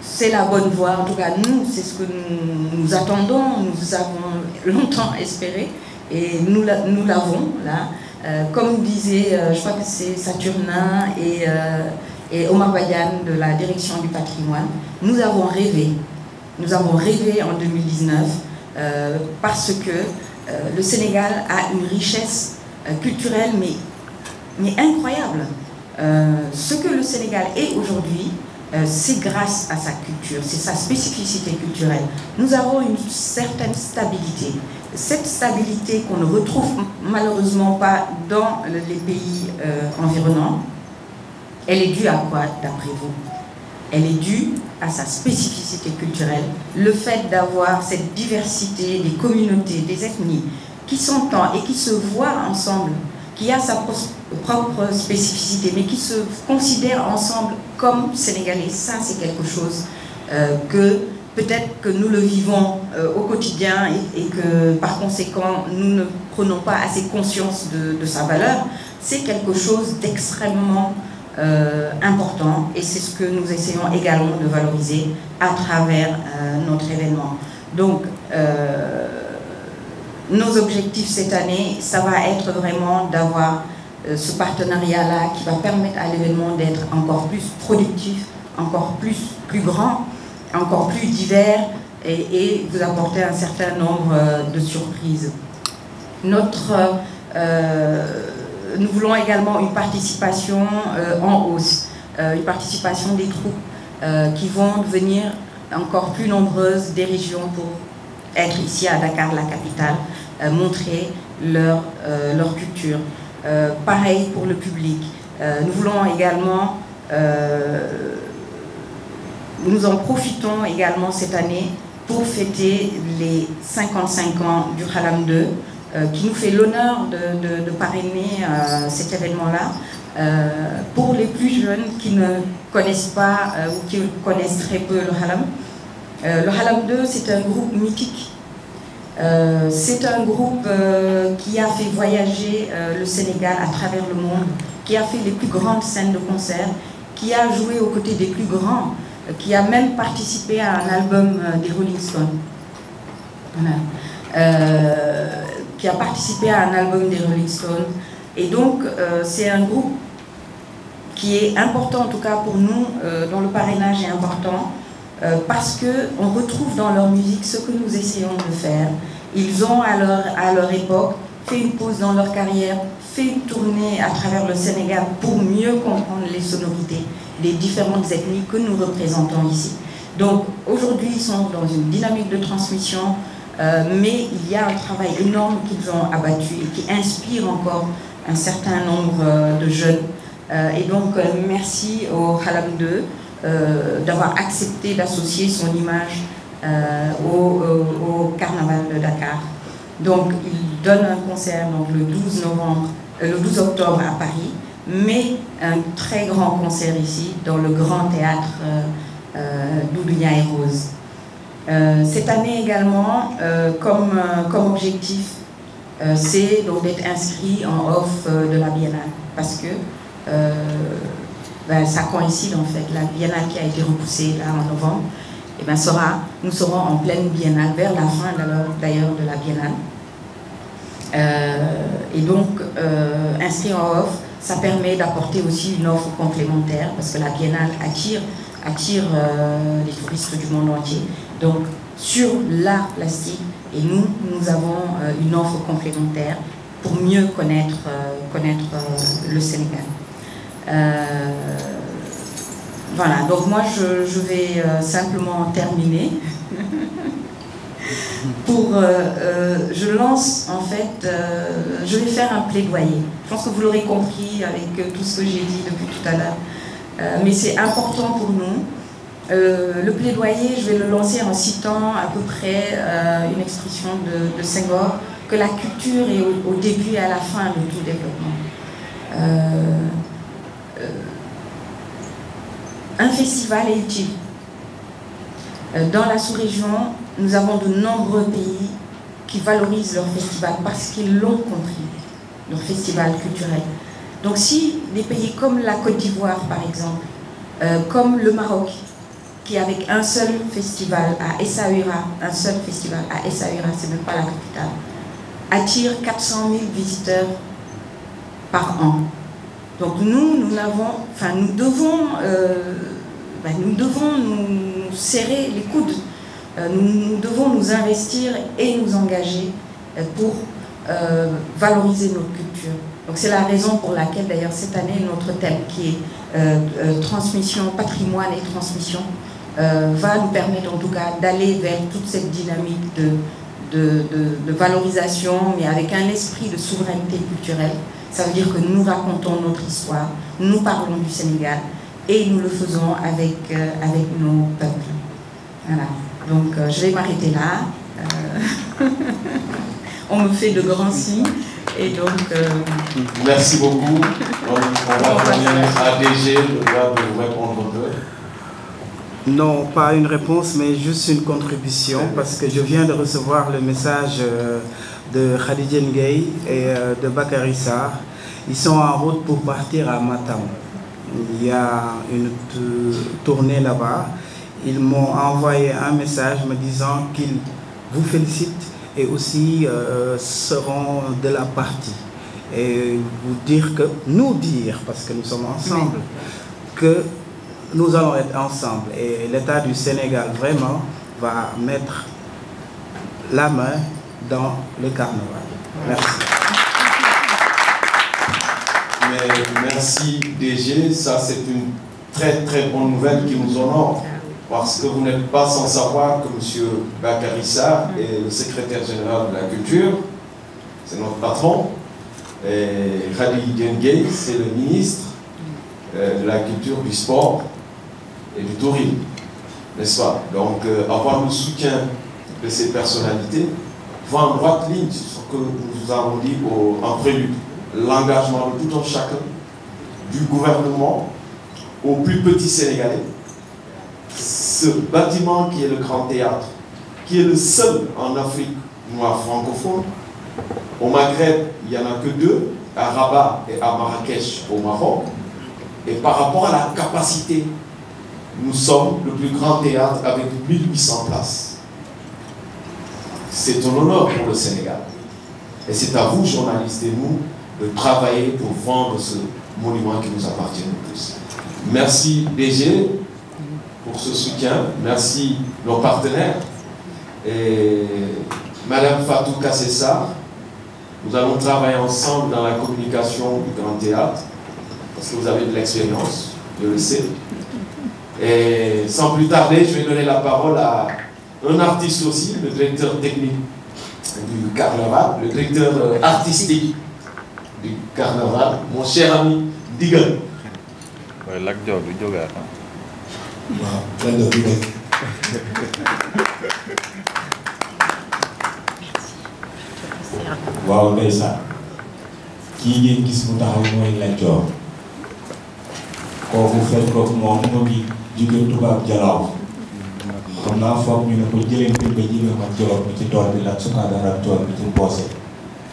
c'est la bonne voie. En tout cas, nous, c'est ce que nous, attendons. Nous avons longtemps espéré et nous l'avons là. Euh, comme disait, euh, je crois que c'est Saturnin et, euh, et Omar Bayan de la direction du patrimoine, nous avons rêvé, nous avons rêvé en 2019 parce que le Sénégal a une richesse culturelle mais, mais incroyable. ce que le Sénégal est aujourd'hui, c'est grâce à sa culture, c'est sa spécificité culturelle. Nous avons une certaine stabilité, cette stabilité qu'on ne retrouve malheureusement pas dans les pays euh, environnants, elle est due à quoi, d'après vous Elle est due à sa spécificité culturelle, le fait d'avoir cette diversité des communautés, des ethnies, qui s'entendent et qui se voient ensemble, qui a sa propre spécificité, mais qui se considèrent ensemble comme Sénégalais. Ça, c'est quelque chose euh, que peut-être que nous le vivons euh, au quotidien et, que par conséquent nous ne prenons pas assez conscience de, sa valeur, c'est quelque chose d'extrêmement euh, important et c'est ce que nous essayons également de valoriser à travers euh, notre événement. Donc, nos objectifs cette année, ça va être vraiment d'avoir ce partenariat-là qui va permettre à l'événement d'être encore plus productif, encore plus, plus grand, encore plus divers et, vous apporter un certain nombre euh, de surprises. Notre, euh, euh, nous voulons également une participation en hausse, une participation des troupes qui vont devenir encore plus nombreuses des régions pour être ici à Dakar, la capitale, montrer leur, leur culture. pareil pour le public. nous voulons également nous en profitons également cette année pour fêter les 55 ans du Halam 2, euh, qui nous fait l'honneur de, parrainer euh, cet événement-là. Euh, pour les plus jeunes qui ne connaissent pas ou qui connaissent très peu le Halam, le Halam 2, c'est un groupe mythique. c'est un groupe qui a fait voyager le Sénégal à travers le monde, qui a fait les plus grandes scènes de concert, qui a joué aux côtés des plus grands qui a même participé à un album euh, des Rolling Stones. Euh, qui a participé à un album des Rolling Stones. Et donc, euh, c'est un groupe qui est important, en tout cas pour nous, dont le parrainage est important, parce qu'on retrouve dans leur musique ce que nous essayons de faire. Ils ont, alors à leur époque, fait une pause dans leur carrière, fait une tournée à travers le Sénégal pour mieux comprendre les sonorités les différentes ethnies que nous représentons ici. Donc aujourd'hui, ils sont dans une dynamique de transmission, euh, mais il y a un travail énorme qu'ils ont abattu et qui inspire encore un certain nombre euh, de jeunes. Euh, et donc merci au Halam 2 d'avoir accepté d'associer son image au, au, carnaval de Dakar. Donc il donne un concert le 12 novembre, le 12 octobre à Paris mais un très grand concert ici, dans le grand théâtre euh, euh et Rose. Euh, cette année également, euh, comme, comme objectif, c'est donc d'être inscrit en off de la biennale, parce que ben, ça coïncide en fait, la biennale qui a été repoussée là en novembre, et eh ben, nous serons en pleine biennale, vers la fin d'ailleurs de la biennale. et donc, inscrit en off, ça permet d'apporter aussi une offre complémentaire parce que la biennale attire, attire euh, les touristes du monde entier. Donc, sur l'art plastique, et nous, nous avons euh, une offre complémentaire pour mieux connaître, euh, connaître le Sénégal. voilà, donc moi je vais simplement terminer. pour, euh, euh, je lance en fait, euh, je vais faire un plaidoyer. Je pense que vous l'aurez compris avec tout ce que j'ai dit depuis tout à l'heure, mais c'est important pour nous. le plaidoyer, je vais le lancer en citant à peu près une expression de, de, Senghor, que la culture est au, au, début et à la fin de tout développement. un festival est utile. Dans la sous-région, nous avons de nombreux pays qui valorisent leur festival parce qu'ils l'ont compris, leur festival culturel. Donc si des pays comme la Côte d'Ivoire, par exemple, euh, comme le Maroc, qui avec un seul festival à Essaouira, un seul festival à Essaouira, c'est même pas la capitale, attire 400 000 visiteurs par an. Donc nous, nous avons, enfin nous devons, euh, ben, nous devons nous serrer les coudes euh, nous, devons nous investir et nous engager euh, pour euh, valoriser notre culture. Donc c'est la raison pour laquelle d'ailleurs cette année notre thème qui est transmission, patrimoine et transmission va nous permettre en tout cas d'aller vers toute cette dynamique de, de, de, de, valorisation mais avec un esprit de souveraineté culturelle. Ça veut dire que nous racontons notre histoire, nous parlons du Sénégal et nous le faisons avec, avec nos peuples. Voilà. Donc euh, je vais m'arrêter là. Euh, on me fait de grands signes. Et donc, euh, Merci beaucoup. on va revenir à DG, de répondre. Non, pas une réponse, mais juste une contribution, parce que je viens de recevoir le message de Khadija Gay et de Bakarissa. Ils sont en route pour partir à Matam. Il y a une tournée là-bas ils m'ont envoyé un message me disant qu'ils vous félicitent et aussi euh, seront de la partie. Et vous dire que, nous dire, parce que nous sommes ensemble, que nous allons être ensemble. Et l'État du Sénégal, vraiment, va mettre la main dans le carnaval. Merci. merci DG, ça c'est une très très bonne nouvelle qui nous honore parce que vous n'êtes pas sans savoir que M. Bakarissa mm. est le secrétaire général de la culture, c'est notre patron, et Khadi Dengay, c'est le ministre euh, de la culture, du sport et du tourisme, n'est-ce pas Donc euh, avoir le soutien de ces personnalités va en droite ligne sur ce que nous avons dit en prélude, l'engagement de tout un chacun, du gouvernement au plus petit Sénégalais, ce bâtiment qui est le Grand Théâtre, qui est le seul en Afrique noire francophone. Au Maghreb, il n'y en a que deux, à Rabat et à Marrakech au Maroc. Et par rapport à la capacité, nous sommes le plus grand théâtre avec 1800 places. C'est un honneur pour le Sénégal. Et c'est à vous, journalistes et nous, de travailler pour vendre ce monument qui nous appartient le plus. Merci BG ce soutien. Merci nos partenaires. Et Madame Fatou Kassessar, nous allons travailler ensemble dans la communication du Grand Théâtre, parce que vous avez de l'expérience, je le sais. Et sans plus tarder, je vais donner la parole à un artiste aussi, le directeur technique du carnaval, le directeur euh, artistique du carnaval, mon cher ami Digan. Ouais, waaw lan nga dugal waaw ndeysaan kii ngeen gis mu taxaw mooy Lat Joor kooku fekk ko moom mu ngi jóge tubaab jalaaw xam naa foog ñu ne ko jëlee mbir ba jibe ma joor bi ci tool bi la sukaadar ak joor bi ci mboose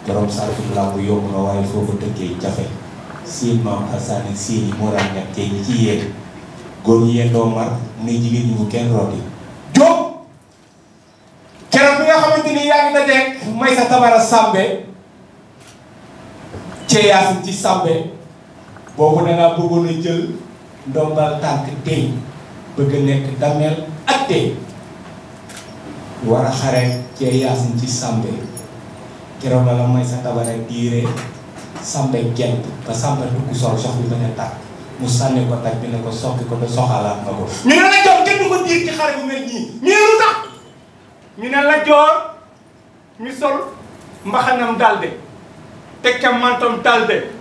borom sartum làmb yomb na waaye foo ko dëkkee jafe siin maam alsaani siin yi moo daan ñàkkee ñi ci yéen góor ñu yendoo mar Rodi. Jom, jigéen ñi bu kenn rooti jóg keroog bi nga xamanteni ni na nekk may sa tabara ci ceeyaasin ci sàmbe boobu dangaa bëggoon a jël ndombal tank tey bëgg nekk damel ak tey war a xare ci la may sa tabara diire gent ba sol mu sànni ko tag bi ne ko sokki ko te soxalaat ñu ne ñu ne lu ñu sol mbaxanam dalde teg ca mantom dalde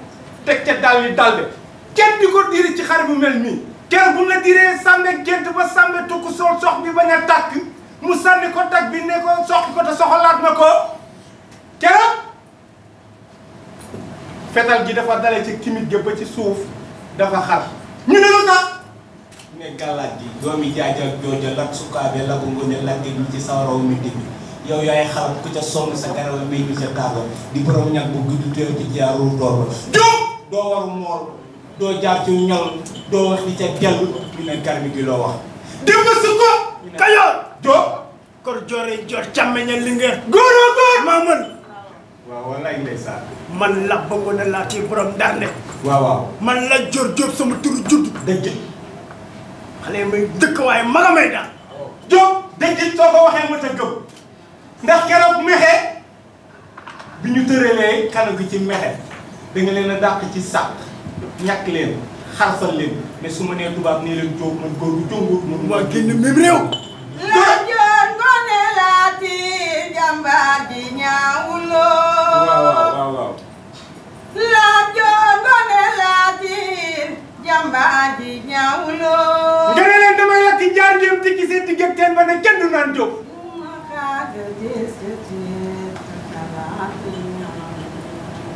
teg ca dal yi ci xare bu mel nii kenn bu la diree sàmme gént ba sàmme tukk sol sox bi bañ a mu sànni ko tag bi ne ko sokki ko soxalaat na ko keroog fetal gi dafa dale ci timit ga ba ci suuf dafa xar ñu ne lu tax ne gàllaaj gi doomi jaajal jooja lak sukkaabe lagu ngone lagge ñu ci sawro mi di yow yaay xaram ku ca sonn sa garaw may ñu ci taago di borom ñak bu gudd teew ci jaaru door do do war mor do jaar ci ñol do wax di ca gel ñu ne garmi di lo wax di ma su ko kayo do kor joore joor càmmeña li nga góoroo góor waaw wallaay ndeysaan. man la bëggoon na laa ci borom daane. waaw waaw man la Dior Diop sama turu judd. dëgg. xale may dëkk waaye maga may daal. Diop dëgg soo ko waxee ma ta gëm. ndax keroog mexe bi ñu tëralee kanu gi ci mexe da leen a dàq ci sàq ñàkk leen xarsal leen mais su ma nee tubaab nee leen Diop man góor gu Diop man. waa génn même réew. lati jambadinya ulo, nyawulo lajo gone lati jambar di nyawulo ngene len damay lati jaar ñeum ci ci seen digëk teen ba ne kenn du naan jóg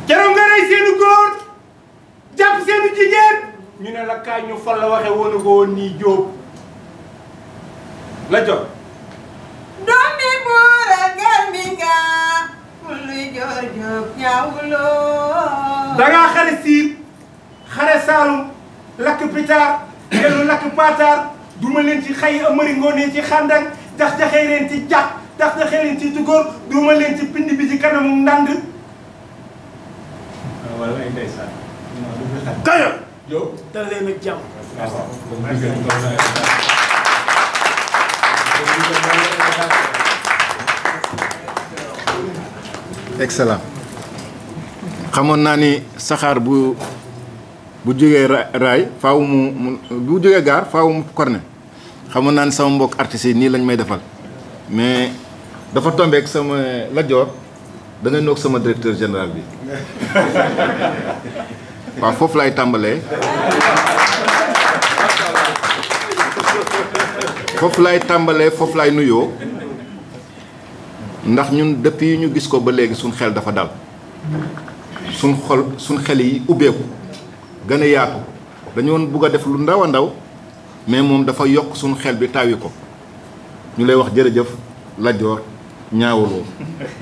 keroog nga rey seenu góor jàpp seenu jigéen ñu ne la kaay ñu fal la waxe woonu ko woon nii doomi buur a garmi nga kulli joor joob ñaawuloo da ngaa xare siib xare saalum lakk pitaar dellu lakk paataar duma leen ci xay a mëri ngoonee ci xàndak jax jaxee leen ci jax jax jaxee leen ci dugóor duma leen ci pind bi ci kanamu ndànd excellent xamoon naa ni saxaar bu bu jógee raay faaw mu bu jógee gaar faaw mu corne xamoon naa ni sama mbokk artistes yi nii lañ may defal mais dafa tombeek sama la joor da sama directeur général bi waaw foofu lay tàmbalee foofu laay tàmbalee foofu laay nuyoo ndax ñun dëpp yi ñu gis ko ba léegi suñ xel dafa dal suñ xol suñ xel yi ubbeeku gën a yaatu dañoon bugg a def lu ndaw a ndaw mais moom dafa yokk suñ xel bi taawi ko ñu lay wax jërëjëf lajoor ñaawuloo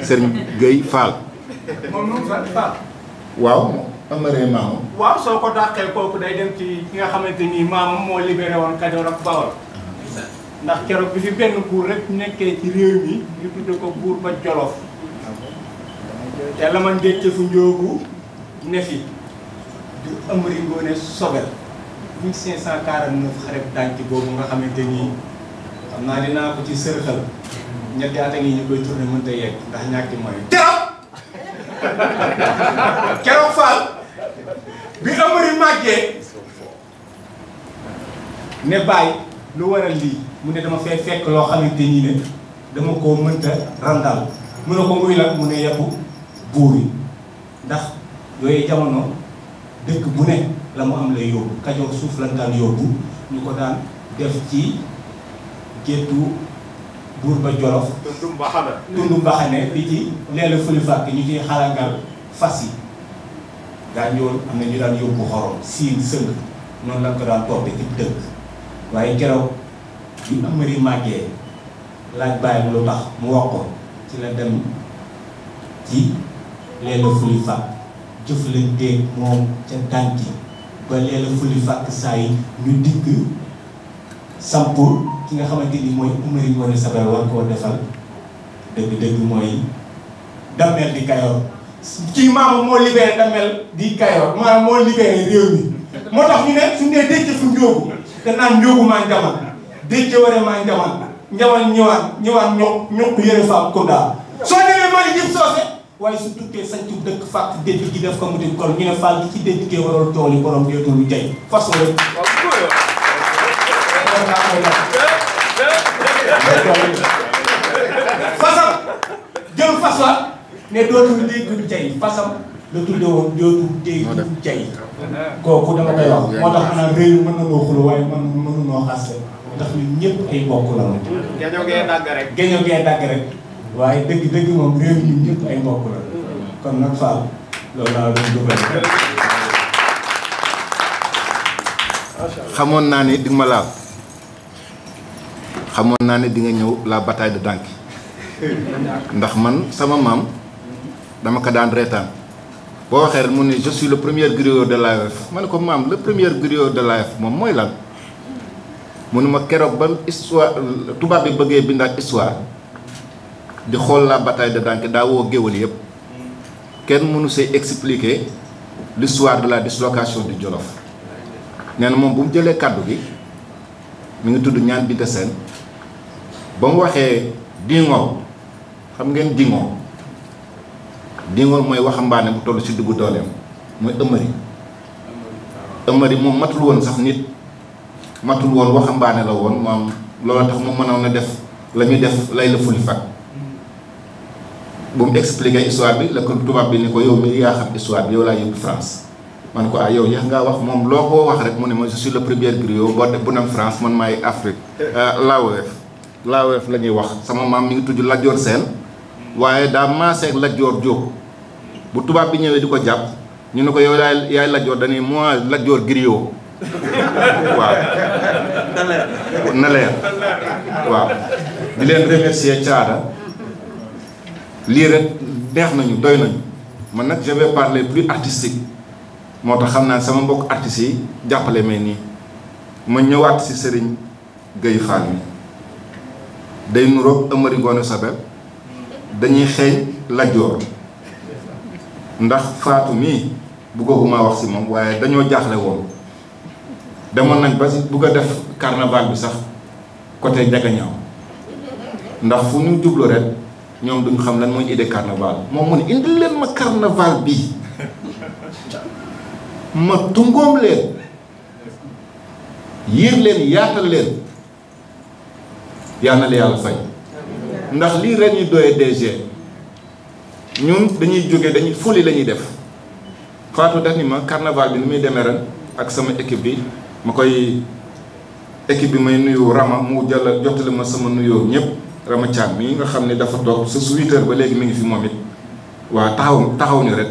sëriñ Gueye Fall waaw amaree maamam waaw soo ko dàqee kooku day dem ci ki nii maamam moo libéré woon Kajoor ak Bawol ndax keroog bi fi benn buur rek nekkee ci réew mi ñu tudde ko buur ba jolof te la ma ndécce fu njoogu ne fi du Amari Ngoone Sobel 1549 xareb dànc boobu nga xamante nii xam naa dinaa ko ci sërxal ñetti at a ngi ñu koy tourné mënta yegg ndax ñàkki mooy keroog keroog faal bi Amari màggee ne bàyyi lu waral lii mu ne dama fee fekk loo xamante ni ne dama koo mënta randal mu ne ko muy lan mu ne yàqu buur yi ndax yooyu jamono dëkk bu ne la mu am lay yóbbu kajoor suuf lan daan yóbbu ñu ko daan def ci géttu buur ba jolof tundum baxane tundum baxane li ci leela fuli fàkk ñu ciy xalangal fas yi daan am na ñu daan yóbbu xorom siin sëng noonu la ko daan toppe ci dëkk waaye keroog bi Ahmad yi màggee laaj bàyyam lu tax mu wax ko ci la dem ci leela fuli fàkk jëflanteeg moom ca dànc ba leela fuli fàkk saa yi ñu dikk sampur ki nga xamante ni mooy Umar yi wane sabar war koo defal dëgg-dëgg mooy Damel di Kayor kii maama moo libéré Damel di Kayor maanaam moo libéré réew mi moo tax ñu ne suñu dee denc fu njóobu te naan njóobu maa njamal di jëware maa njaman njaman ñëwaan ñëwaan ño ñuq yëre faam kunda soo demee mooy jib soose waaye su tukkee sañcu dëkk fàkk dédd gi def ko mu di kon ñu ne faal gi ci dédd gi waral tool yi borom dee tolu jay façon rek fasam jël fas wa ne dootul dégg jay fasam la tudde woon dootul dégg jay kooku dama koy wax moo tax xanaa réew mën na noo xuloo waaye mën mënu noo xaste ndax ñun ñëpp xamoon naa ni di ma laal xamoon naa ni dinga ñëw laa bataille de Danki ndax man sama maam dama ko daan reetaan boo waxee rek mu ne je suis le premier de l'AOF ma ne ko maam le premier griot de l'AOF moom mooy laal munuma kérok ba histoire tuba bi bëggee bindaat histoire di xol la bataille de Danke da wo gëwul yépp kenn mënu sé expliquer l'histoire de la dislocation du Jolof néna mom bu mu jëlé cadeau bi mi ngi tuddu ñaan bi seen ba mu waxé dingo xam ngeen dingo moy mooy waxambaane bu tollu ci dugg dolem moy ëmmëri ëmmëri mom matul won sax nit matul woon waxambaane la won mom lolo tax mu mënoon na def la def layla la fuli fat bu mu expliquer histoire bi la ko tubaab bi ni ko yow mi ya xam histoire bi yow la yóbbu France man ko ayo ah, yow yaa ngaa wax mom loo ko wax rek mo ne ma je suis le premier griot bo de bu France man may Afrique euh, la wef la lañuy wax sama mam mi ngi la dior sen waye da ma sek la dior Jóob bu tuba bi ñewé diko japp ñu ne ko yow la yaay Lat Joor dañuy moi Lat griot waaw na leer waaw di leen remercier caada lii rek neex nañu doy nañu man nag je vais parler plus artistique moo tax xam naa sama mbokk artistes yi jàppale may nii ma ñëwaat si sëriñ Gueye Fall mi day nuroog Amari Ngoone Sobel dañuy xëy lajoor ndax faatu mii bëgguma wax si moom waaye dañoo jaaxle woon demoon nañ ba si bugg a def carnaval bi sax côté Ndiaganiao ndax fu ñu jublu rek ñoom duñ xam lan mooy idée carnaval moom mu ne indi leen ma carnaval bi ma tungoom leen yiir leen yaatal leen yal na yàlla fay ndax lii ren ñu doyee DG ñun dañuy jóge dañuy foli lañuy def Fatou def ni ma carnaval bi ni muy demee ren ak sama équipe bi ma koy équipe bi may nuyu Rama mu jàll jottali ma sama nuyoo ñëpp Rama Thiam mi nga xam ne dafa toog si su ba léegi mi ngi fi moom it waa taxaw taxaw ñu rek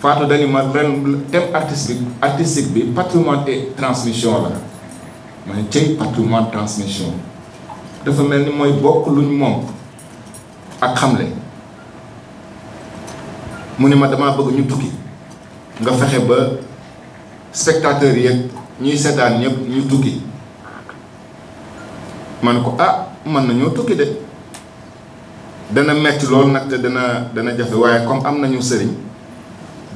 Fatou dañu ma ren thème artistique artistique bi patrimoine et transmission la ma ne cey transmission dafa mel ni mooy bokk lu ñu moom ak xamle mu ne ma damaa bëgg ñu tukki nga fexe ba spectateurs yeeg. ñuy seetaan ñëpp ñu tukki man ko ah mën nañoo tukki de dana metti lool nag te dana dana jafe waaye comme am nañu sëriñ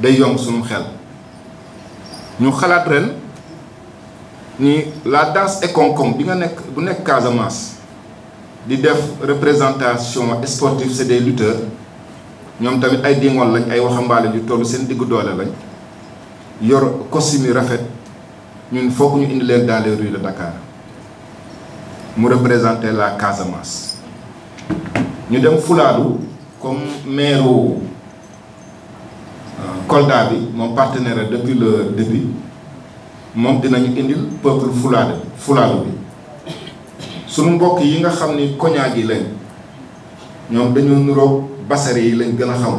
day yomb suñu xel ñu xalaat ren ni la danse ekonkom bi nga nekk bu nekk Casamance di def représentation sportive c'est des ñoom tamit ay dingoon lañ ay waxambaale yu tollu seen diggu doole lañ yor costume yi rafet ñun foog ñu indi leen dans les rues de Dakar mu représenter la Casamance ñu dem Fouladou, comme maire euh, Kolda bi mon partenaire depuis le début moom dinañu indil peuple Fulaadu Fulaadu bi sunu mbokk yi nga xam ni koñaag yi lañ ñoom dañoo nuroog basare yi lañ gën a xam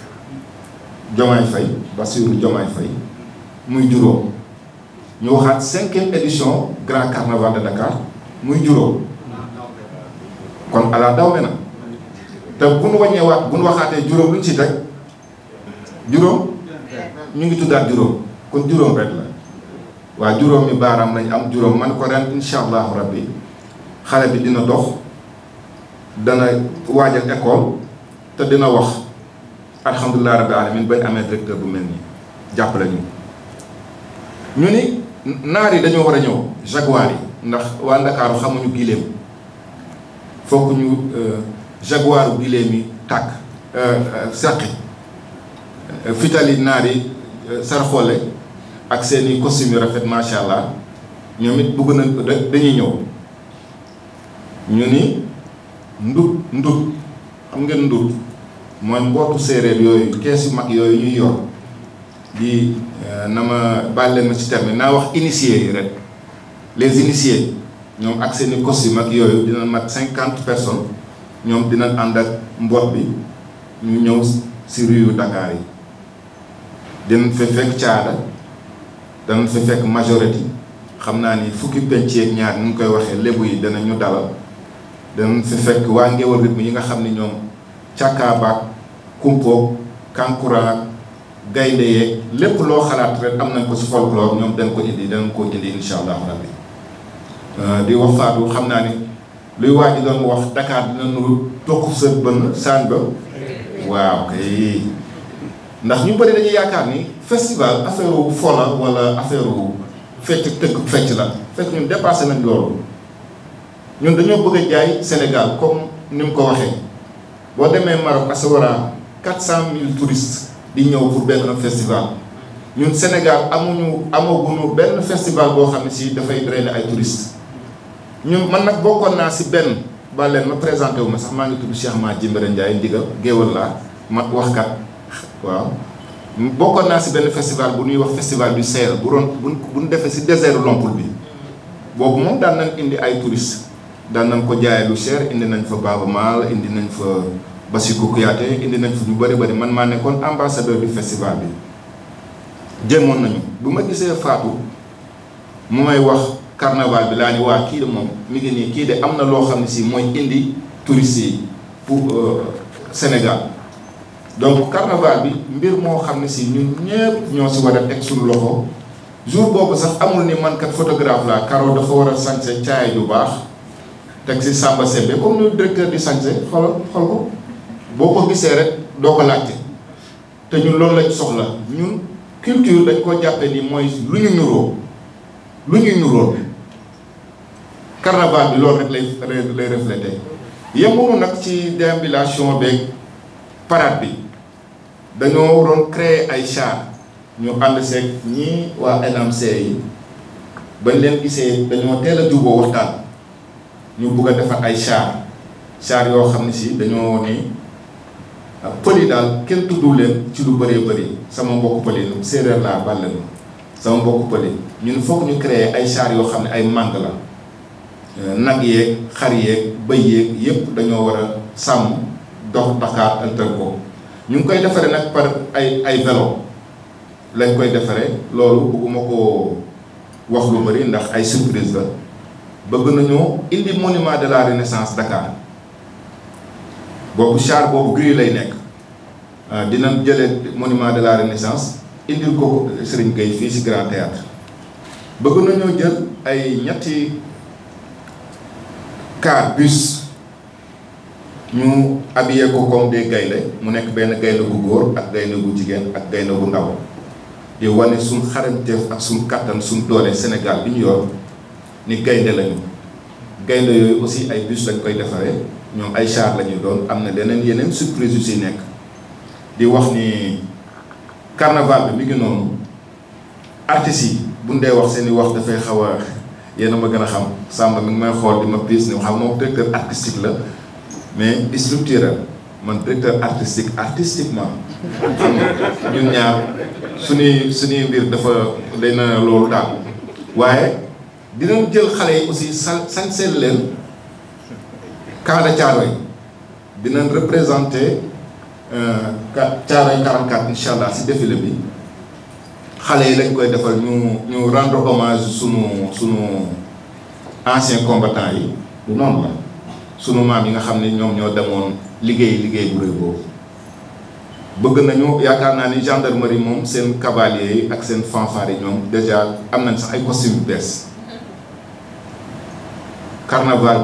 Diomaye Faye Bassirou Diomaye Faye muy juróom ñu waxaat cinquième édition grand carnaval de Dakar muy juróom kon ala daw na te bu nu wàññee waat bu nu waxaatee juróom lu ci teg juróom ñu ngi tuddaat juróom kon juróom rek la waa juróom mi baaraam lañ am juróom man ko ren insha allahu rabbi xale bi dina dox dana waajal école te dina wax alhamdulilah rabbi alamin bañ amee directeur bu mel nii jàppale ñu ñu ni naar yi dañoo war a ñëw jaguar yi ndax waa Ndakaaru xamuñu gileem fokk ñu euh, jaguaru gileem yi tàkk euh, euh, saqi fitali naar yi sarxoole ak seeni costume yu rafet macha allah ñoom it bëgg nañ ko dañuy ñëw ñu ni ndur ndu xam ngeen ndur mooy mbootu séeréer yooyu kees yu mag yooyu ñuy yor di eh, na ma baal leen ma ci terme naa wax initiés yi rek les initiés ñoom ak seeni kos yu mag yooyu dina mat cinquante personnes ñoom dina ànd ak mboot bi ñu ñëw si rue yu Dakar yi dinañ fa fekk caada danañ fa fekk majorité xam naa ni fukki penc ak ñaar ni ñu koy waxee lébu yi danañu dalal danañ fa fekk waa ngéwal rythme yi nga xam ni ñoom càkkaabaak kumpo kankura gaynde yeeg lépp loo xalaat rek am nañ ko si folklore ñoom dañ ko indi dañ ko indi incha allahu rabbi euh, di wax Fatou xam naa ni luy waa ji doon wax Dakar dina nuru tokk sa bën saan ba waaw kay ndax ñu bari dañuy yaakaar ni festival affaire wu fo la wala affaire wu fecc tëgg fecc la fekk ñun dépassé nañ loolu ñun dañoo bëgg a jaay Sénégal comme ni mu ko waxee boo demee Maroc Asawara 400000 touristes di ñëw pour ben festival ñun Sénégal amuñu amaguñu ben festival bo xamni ci da dafay drainer ay touristes ñun man nak bokkoon na ci ben ba leen ma présenté wu ma sax ma ngi tuddu Cheikh Ma Jimbere Ndiaye ndigal géwal la ma kat waaw bokkoon na ci ben festival bu ñuy wax festival du Sahel bu ron bu ñu défé ci désert lompul bi bobu moom dal nañ indi ay touristes dal nañ ko jaay lu cher indi nañ fa baba mal indi nañ fa. Bassirou Kouyaté indi nañ fi lu bëri bari man maa nekkoon ambassadeur du festival bi jéemoon nañu bu ma gisee Fatou mu may wax carnaval bi laa ni waa kii de moom mi ngi nii kii de am na loo xam ne si mooy indi touristes yi pour euh, Sénégal donc carnaval bi mbir moo xam ne si ñun ñëpp ñoo si war a teg loxo jour boobu sax amul ni man kat photographe la Caro dafa war a sañse caaya ju baax teg si Samba Sembé comme le directeur di sañse xool xool ko. boo ko gisee rek doo ko laajte te ñun loolu lañ soxla ñu culture dañ ko jàppe ni mooy lu ñuy nuroo lu ñu nuroo carnaval bi loolu rek lay lay reflété yemunu nag ci déambulation beeg parade bi dañoo waroon créer ay char ñu ànd seeg ñii waa NMC yi bañ leen gisee dañoo teel a juboo waxtaan ñu bugg a defar ay char char yoo xam ne si dañoo ni ah pël yi daal kenn tuddu ci lu bëree bëri sama mbokk pël yi séeréer laa bàlle na sama mbokk pël yi ñun foog ñu créer ay char yoo xam ne ay màng la euh, nag yeeg xar yeeg bëy yeeg yépp dañoo war a sàmm dox Dakar antal ko ñu ngi koy defaree nag par ay ay lañ koy defaree loolu bëgguma ko wax lu bëri ndax ay surprise la bëgg nañoo indi monument de la renaissance Dakar. boobu char boobu gris lay nekk euh, dina jële monument de la renaissance indil ko Serigne Gueye fii si grand théâtre bëgg nañoo jël ay ñetti car bus ñu habillé ko comme gaynde mu nekk benn gaynde bu góor ak gaynde bu jigéen ak gaynde bu ndaw di wane suñ xarañteef ak suñ kàttan suñ doole Sénégal bi ñu yor ni gaynde lañu gaynde yooyu aussi ay bus lañ koy defaree ñoom ay char lañuy doon am na leneen yeneen surprise yu si nekk di wax ni carnaval bi mi ngi noonu artistes yi buñ dee wax seen i wax dafay xaw a yéen a ma gën a xam Samba mi ngi may xool di ma piis ni xam moom directeur artistique la mais structurel man directeur artistique artistiquement xam nga ñun ñaar suñuy suñuy mbir dafa day na loolu daal waaye dinañ jël xale yi aussi san sanseel leen camp de dinañ représenter 44 nous allah défilé bi xalé yi lañ koy rendre hommage à nos anciens combattants yi du non la suñu nous yi nga ñom ñoo Pour bu bëgg nañu ni gendarmerie moom cavalier ak déjà am nañ sax ay costume carnaval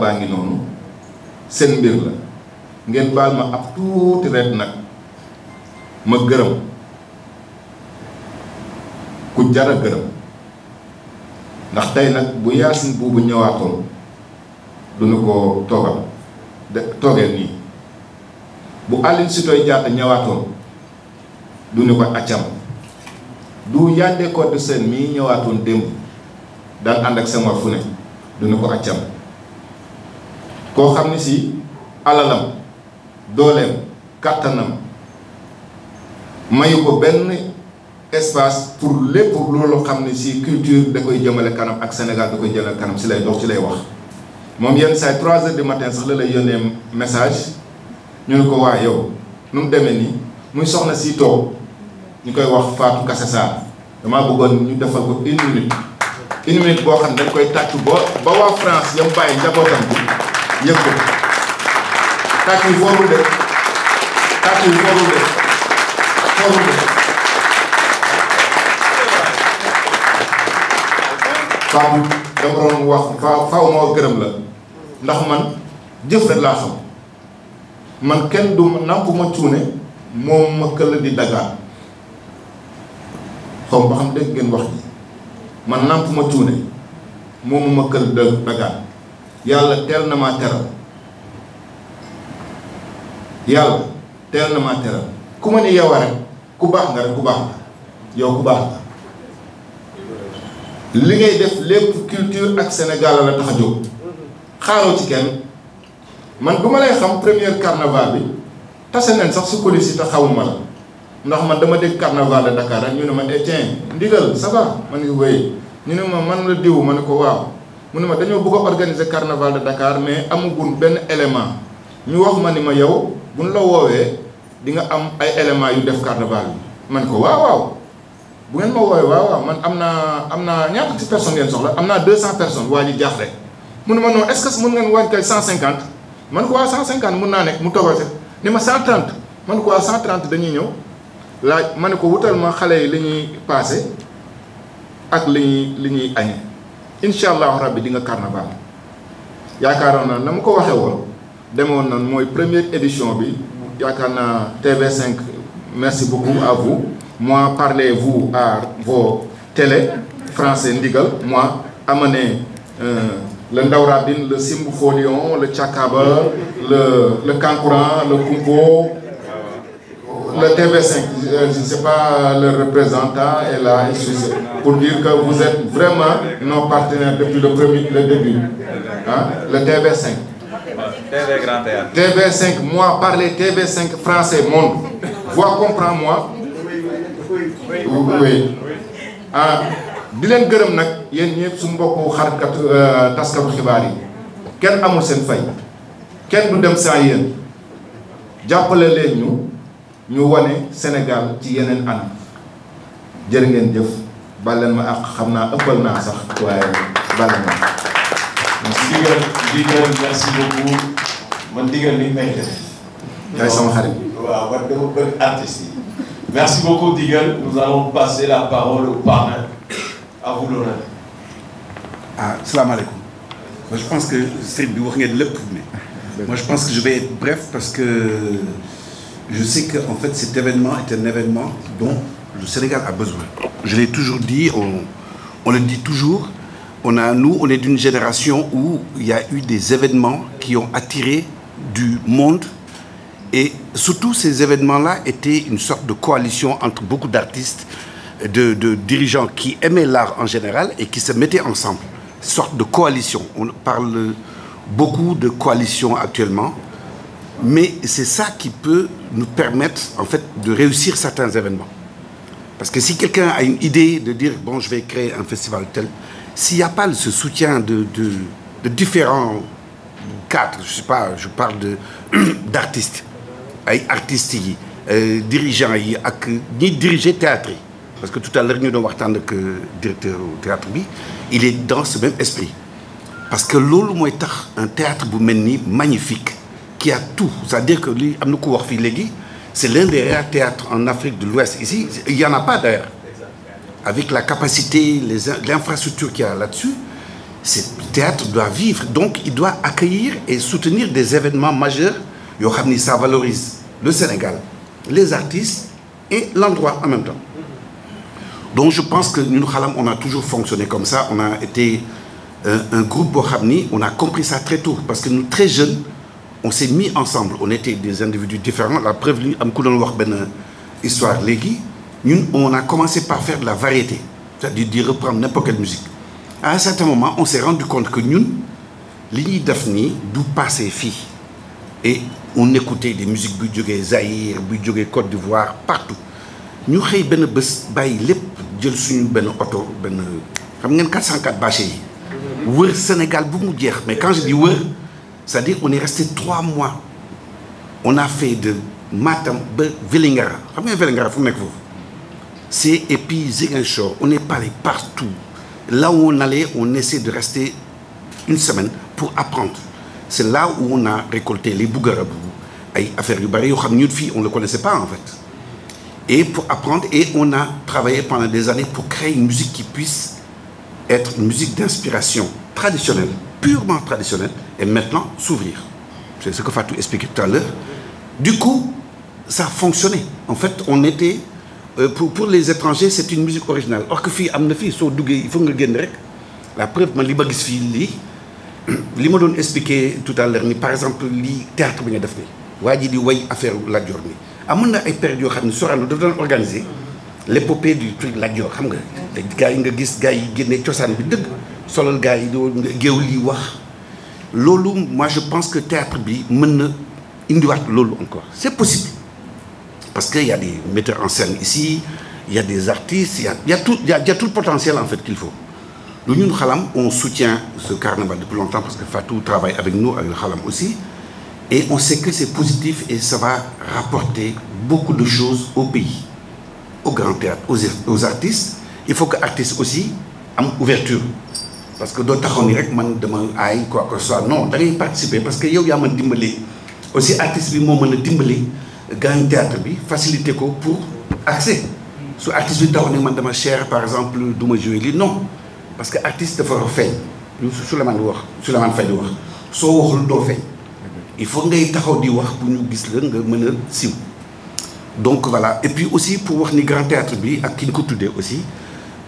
seen mbir la ngeen baal ma ab tuuti ret nag ma gërëm ku jara gërëm ndax tey nag bu yaasin buubu ñëwaatoon du nu ko toogal de toogeel nii bu Aline Sitoé Diatta ñëwaatoon du nu ko accam du yàddee ko seen mii ñëwaatoon démb daan ànd ak sama fu ne du nu ko accam koo xam ne si alalam dooleem kàttanam mayu ko benn espace pour lépp loolu xam ne si culture da koy jëmale kanam ak Sénégal da koy jëmale kanam si lay dox ci lay wax moom yenn saa yi trois heures du matin sax la lay yónnee message ñu ne ko waa yow nu deme nii muy soxna si toog ñu koy wax Fatou Kase saa damaa bëggoon ñu defal ko une minute une minute boo xam ne dañ koy tàcc ba ba waa France yam bàyyi njabootam bi ñëpp tàccu foorul de tàccu foorul de foorul de faaw dama doon wax faaw faaw ma wax gërëm la ndax man jëf rek laa xam man kenn du nanku cuune moom ma këll di daggaat xaw ba xam dégg ngeen wax ji man nàmp cuune moomu ma këll di daggaat yàlla teel na maa teral yàlla teel na maa teral ku ma ne yow ku baax nga rek ku baax nga yow ku baax nga li ngay def lépp culture ak Sénégal la tax a jóg ci kenn man bu ma lay xam première carnaval bi tase neen sax su police yi te la ndax man dama dégg carnaval de Dakar rek ñu ne ma Etienne eh, ndigal ça va man ngi wéy ñu ne ma man la diw ma ne ko waaw mu ne ma dañoo bëgg a organiser carnaval de Dakar mais amagul benn élément ñu wax ma ni ma yow buñ la woowee di nga am ay élément yu def carnaval bi man ko waaw waaw bu ngeen ma woowee waaw waaw man am naa am naa ñaata ci personne ngeen soxla am naa 200 personnes waa ji jaaxle mu ne ma non est-ce que mën ngeen wàññi kay 150 man ko waa 150 mën naa nekk mu togate ni ma 130 man ko waa 130 dañuy ñëw laaj ma ne ko wutal ma xale yi li ñuy passé ak li ñuy li ñuy añe Inshallah, on rabbi di nga carnaval yaakaaroon naa na mu ko waxee woon nan moy première édition bi yakarna TV5 merci beaucoup à vous moi parlez-vous à vos télé français ndigal moi amenez euh, le Ndawradine le Simbou le Chakabal, le le le Kumpo le TV5, euh, je ne sais pas, le représentant est là, pour dire que vous êtes vraiment nos partenaires depuis le, début. Hein, le TV5. TV5, moi, parler TV5 français, monde. voix comprends-moi. Oui. oui, ah, di leen gërëm nag yéen su euh, amul fay du dem nous ñu le Sénégal ci yeneen anam jërë ngeen jëf bàlleen ma ak je naa ëppal naa sax waaye bàlleen ma merci digal merci beaucoup man digal li may def yaay sama xarit bëgg artiste merci beaucoup digal nous allons passer la parole au parrain à vous l'honneur ah alaikum. je pense que c'est bi wax ngeen lépp mais moi je pense que je vais être bref parce que je sais que en fait, cet événement est un événement dont le Sénégal a besoin. Je l'ai toujours dit, on, le dit toujours. On a, nous, on est d'une génération où il y a eu des événements qui ont attiré du monde. Et surtout, ces événements-là étaient une sorte de coalition entre beaucoup d'artistes, de, de, dirigeants qui aimaient l'art en général et qui se mettaient ensemble. sorte de coalition. On parle beaucoup de coalition actuellement. Mais c'est ça qui peut nous permettre, en fait, de réussir certains événements. Parce que si quelqu'un a une idée de dire, bon, je vais créer un festival tel, s'il n'y a pas ce soutien de, différents cadres, je ne sais pas, je parle d'artistes, artistes, euh, dirigeants, ni dirigés théâtre. Parce que tout à l'heure, nous avons parlé que directeur au théâtre, il est dans ce même esprit. Parce que tard, un théâtre magnifique qui a tout. C'est-à-dire que lui, c'est l'un des rares théâtres en Afrique de l'Ouest. Ici, il n'y en a pas d'ailleurs. Avec la capacité, l'infrastructure qu'il y a là-dessus, ce théâtre doit vivre. Donc, il doit accueillir et soutenir des événements majeurs. Yohamni, ça valorise le Sénégal, les artistes et l'endroit en même temps. Donc, je pense que nous, on a toujours fonctionné comme ça. On a été euh, un, groupe groupe Bohamni, on a compris ça très tôt. Parce que nous, très jeunes, on s'est mis ensemble on était des individus différents la preuve am ku histoire légui. ñun on a commencé par faire de la variété c'est-à-dire de reprendre n'importe quelle musique à un certain moment on s'est rendu compte que nous, li ñuy def nii du et on écoutait des musiques buy Zahir, Zaïre buy jógee Côte d'Ivoire partout Nous, xëy benn bés bàyyi lépp jël suñu benn oto benn xam ngeen 404 bâché yi wër Sénégal bu mu mais quand je dis wër c'est-à-dire on est resté trois mois. On a fait de Matam, Velingara. C'est et On est parlé partout. Là où on allait, on essaie de rester une semaine pour apprendre. C'est là où on a récolté les bougarabou. on ne le connaissait pas en fait et pour apprendre. Et on a travaillé pendant des années pour créer une musique qui puisse être une musique d'inspiration traditionnelle, purement traditionnelle, et maintenant s'ouvrir. C'est ce que Fatou expliquait tout à l'heure. Du coup, ça fonctionnait. En fait, on était. Euh, pour, pour, les étrangers, c'est une musique originale. Or que fille, amna fille, so dougué, il faut que rek. La preuve, man li ba gis fi li li ma expliqué tout à l'heure ni par exemple li théâtre bi nga def ni waa ji di way affaire la Dior ni amoon ay période yoo xam ne Sorano daf organiser l'épopée du truc la Dior xam nga les gars yi nga gis gars yi génne cosaan bi dëgg solal gars yi do géew wax Lolou, moi je pense que théâtre bi doit une encore c'est possible parce qu'il y a des metteurs en scène ici il y a des artistes il y a y a tout y a, tout le potentiel en fait qu'il faut Nous, nous, nous on soutient ce carnaval depuis longtemps parce que Fatou travaille avec nous avec le aussi et on sait que c'est positif et ça va rapporter beaucoup de choses au pays au grand théâtre aux, artistes il faut que artistes aussi en ouverture parce que d'autres taxaw ni rek man dama aay quoi que ce soit non da ngay participer parce que yow ya mën dimbali aussi artiste bi mo meuna dimbali gan théâtre bi faciliter ko pour accès su artiste bi taxaw man dama cher par exemple douma jouer li non parce que artiste fa war a feeñ la Souleymane wax la Faye di wax soo waxul doo feeñ il faut ngay taxaw di wax pour ñu gis la nga meuna siw donc voilà et puis aussi pour wax ni grand théâtre bi ak ki ko tuddee aussi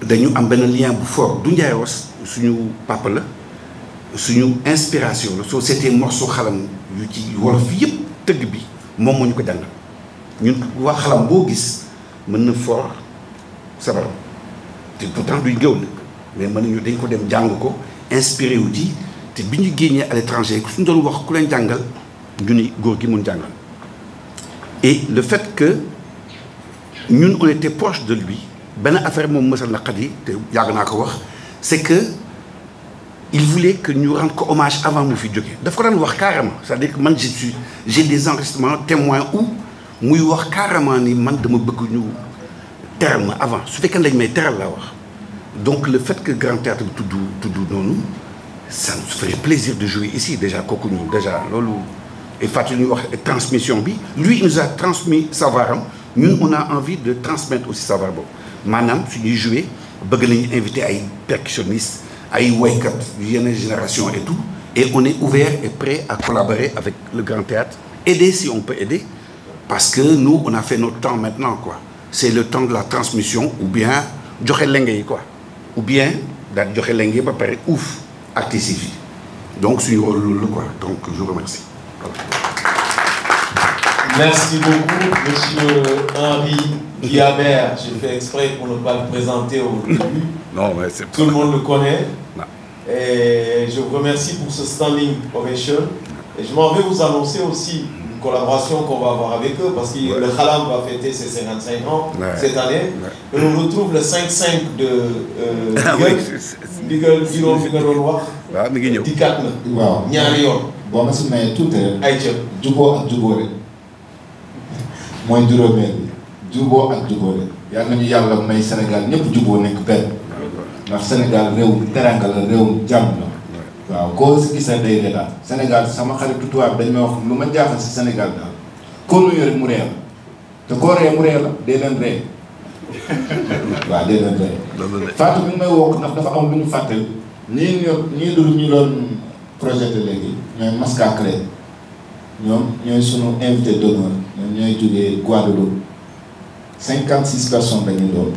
dañu am un lien bu fort du Ndiaye Ross suñu papa la suñu inspiration la soo seetee morceau xalam yu ci wolof yëpp tëgg bi moom moo ko ñun xalam gis na fort sabar te pourtant duñ nag mais mën nañu dañ ko dem inspiré wu ji te bi à l'étranger suñu doon wax ku leen et le fait que ñun on était proche de lui ben affaire moom mësal na xat yi te yàgg c'est que il voulait que nous rendions hommage avant mu fi jóge daf ko nous wax carrément c'est-à-dire que man j'ai des enregistrements témoins où nous wax carrément ni man dama bëgg ñu avant su fekkee dañ may teral wax donc le fait que grand théâtre tout doux dans nous, ça nous ferait plaisir de jouer ici déjà kooku nous déjà lolo et fàttali ñu wax transmission bi lui il nous a transmis sa savaram nous on a envie de transmettre aussi sa je dis jouer bëgg invité ay percussionniste wake-up yu yeneen génération et tout et on est ouvert et prêt à collaborer avec le grand théâtre aider si on peut aider parce que nous on a fait notre temps maintenant quoi c'est le temps de la transmission ou bien joxe lenge quoi ou bien joxe donc donc je vous remercie Merci beaucoup, monsieur Henri Guillabert. J'ai fait exprès pour ne pas le présenter au début. Non, mais c'est Tout le monde le connaît. Et je vous remercie pour ce standing ovation. Et je m'en vais vous annoncer aussi une collaboration qu'on va avoir avec eux parce que le Khalam va fêter ses 55 ans cette année. Et on retrouve le 5-5 de euh, ah Bigel, Bigel, Bigel, Bigel, Bigel, Bigel, Bigel, Bon, merci, mais tout est. Bigel, Bigel, à mooy juróomeel bi juboo ak jubóole yàlla nañu yàlla may Sénégal ñëpp juboo nekk benn ndax Sénégal réew teranga la réew jàmm la waaw koo si gis na day reetaan Sénégal sama xaritu tubaab dañ may wax lu ma jaaxal si senegal daal koo nuyu rek mu ree la te koo ree mu ree la day leen ree waaw day leen ree Fatou bi may wokk ndax dafa am lu ñu fàttali ñii ñoo ñii dul ñu doon projet léegi ñooy masque à clé ñoom ñooy sunu invité d'honneur ñoom ñooy jógee Guadeloupe cinquante six personnes dañu doon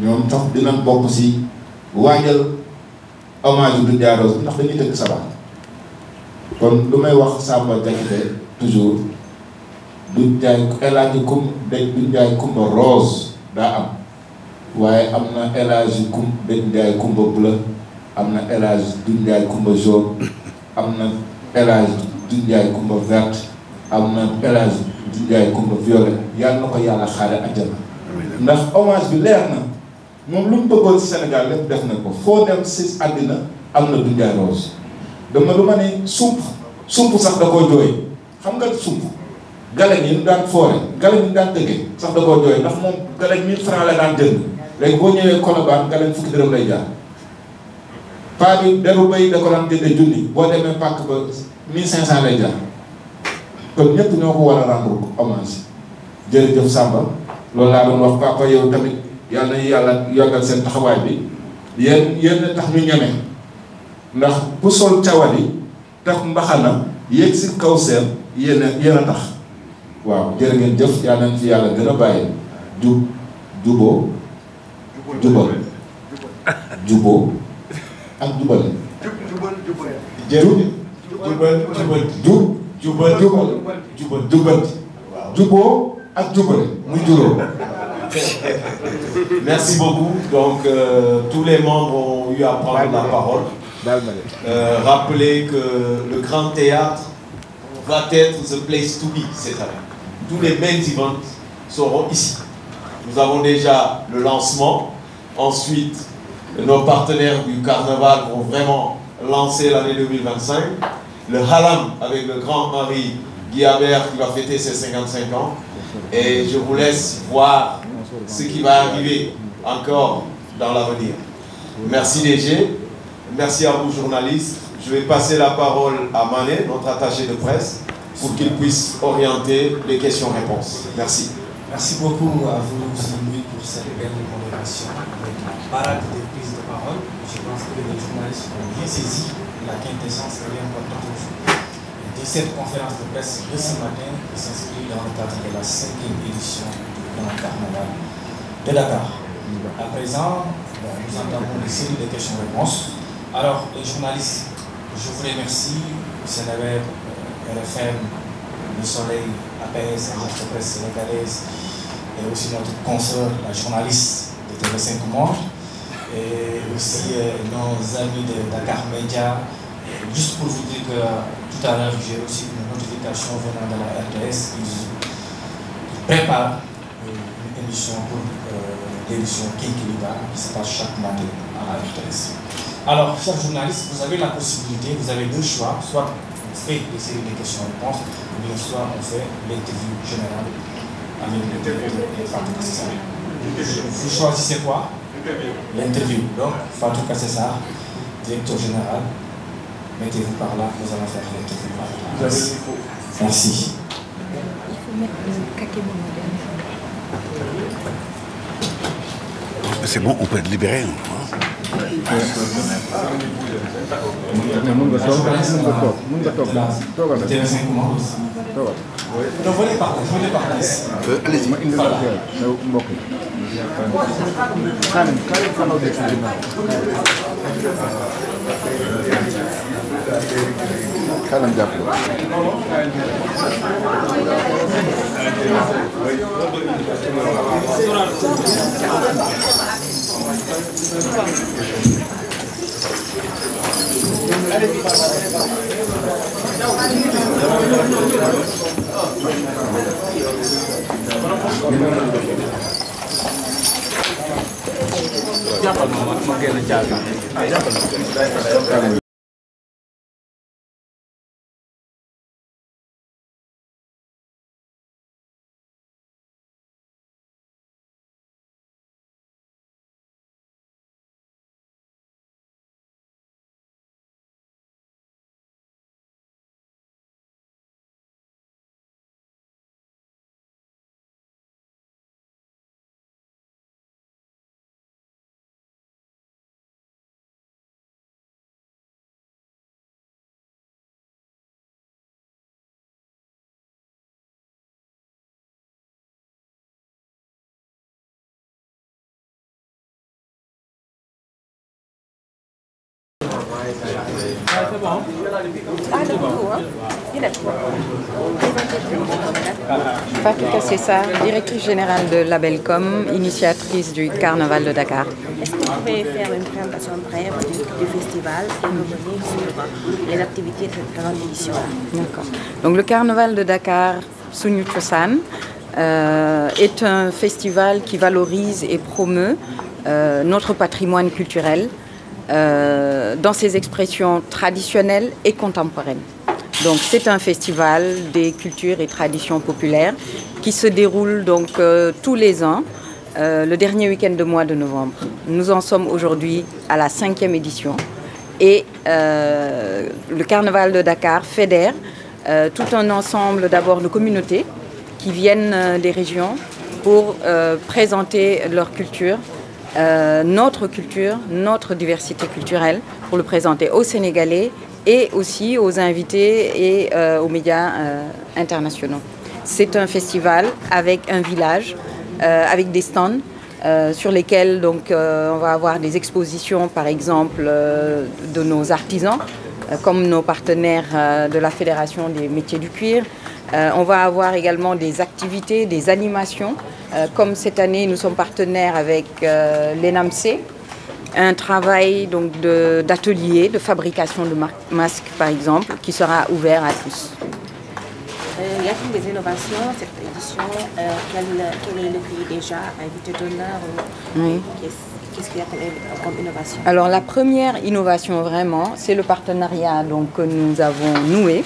ñoom tax dinañ bokk si waajal hommage du Rose ndax dañuy tëgg sabar kon lu may wax Samba Diakité toujours du jaay El Hadj Coum daj Rose daa am waaye am na El Hadj Coum daj jaay am na El Hadj du jaay am na El Dindiaye Kumba verte am na Pélage Dindiaye Kumba violet yàlla na ko yàlla xaare àjjana ndax hommage bi leer na moom lu mu bëggoon Sénégal lépp def na ko foo dem si àddina am na Dindiaye Rose dama lu ma ne sump sump sax da koo jooy xam nga sump galeñ yi ñu daan foore galeñ yi ñu daan tëggee sax da koo jooy ndax moom galeñ 1000 francs la daan jënd léegi boo ñëwee Colobane galeñ fukki dërëm lay jaar paa bi deru bay da ko daan jëndee junni boo demee pàkk 1500 lay jar kon ñëpp ñoo ko war a rendre hommage jërëjëf Samba loolu laa doon wax papa yow tamit yàlla na yàlla yàggal seen taxawaay bi yéen yéen tax ñu ñeme ndax bu sol cawali tax mbaxana yéeg si kaw seen yéen a yéen a tax waaw jërë ngeen jëf yàlla nañ fi yàlla gën a bàyyi dubo, dubo jubal juboo ak jubale jub jubal jubale merci beaucoup donc euh, tous les membres ont eu à prendre la parole euh, rappelez que le grand théâtre va être the place to be cette année tous les main events seront ici nous avons déjà le lancement ensuite nos partenaires du carnaval vont vraiment lancer l'année 2025 le halam avec le grand Guy Guillabert qui va fêter ses 55 ans. Et je vous laisse voir ce qui va arriver encore dans l'avenir. Merci DG, merci à vous journalistes. Je vais passer la parole à Mané, notre attaché de presse, pour qu'il puisse orienter les questions-réponses. Merci. Merci beaucoup à vous, pour cette belle conversation. Parade des prises de parole. Je pense que les journalistes ont bien saisi la quintessence est l'importance de Cette conférence de presse de ce matin s'inscrit dans le cadre de la cinquième édition du plan carnaval de Dakar. À présent, nous entendons une série de questions-réponses. Alors, les journalistes, je vous remercie. célèbre euh, RFM, Le Soleil, APS, Agence presse sénégalaise, et aussi notre consoeur, la journaliste de TV5 Monde et aussi nos amis de Dakar Media. Juste pour vous dire que tout à l'heure, j'ai aussi une notification venant de la RTS. Ils préparent une émission pour l'émission Kinkiliba qui se passe chaque matin à la RTS. Alors, chers journalistes, vous avez la possibilité, vous avez deux choix, soit on fait des séries de questions-réponses, ou bien soit on fait l'interview générale avec les participants. Vous choisissez quoi L'interview. Donc, Fatou Kassessar, directeur général. Mettez-vous par là, nous allons faire l'interview par là. Merci. Il faut mettre C'est bon, on peut être libéré. Hein. non venez par venez par dix. Allez-y. Voilà. Kalam jàpp la. Thank you. Jangan memakai rencana. C'est bon. Il est Fatou directrice générale de Labelcom, initiatrice du Carnaval de Dakar. Est-ce que vous pouvez faire une présentation brève du, festival et revenir sur les activités de cette grande édition D'accord. Donc le Carnaval de Dakar, Sunyu Chosan, euh, est un festival qui valorise et promeut euh, notre patrimoine culturel, euh, dans ses expressions traditionnelles et contemporaines. Donc c'est un festival des cultures et traditions populaires qui se déroule donc euh, tous les ans, euh, le dernier week-end de mois de novembre. Nous en sommes aujourd'hui à la cinquième édition et le carnaval de Dakar fédère tout un ensemble d'abord de communautés qui viennent des régions pour présenter leur culture, euh, notre culture, notre diversité culturelle pour le présenter aux Sénégalais et aussi aux invités et euh, aux médias euh, internationaux. C'est un festival avec un village, avec des stands. sur lesquels donc, on va avoir des expositions, par exemple, de nos artisans, comme nos partenaires de la Fédération des métiers du cuir. on va avoir également des activités, des animations euh, comme cette année, nous sommes partenaires avec euh, l'ENAMC, un travail donc d'atelier de, fabrication de masques par exemple qui sera ouvert à tous. Euh, il y a-t-il des innovations cette édition euh, quel, est le pays déjà invité d'honneur Qu'est-ce qu'il y a comme innovation Alors la première innovation vraiment, c'est le partenariat que nous avons noué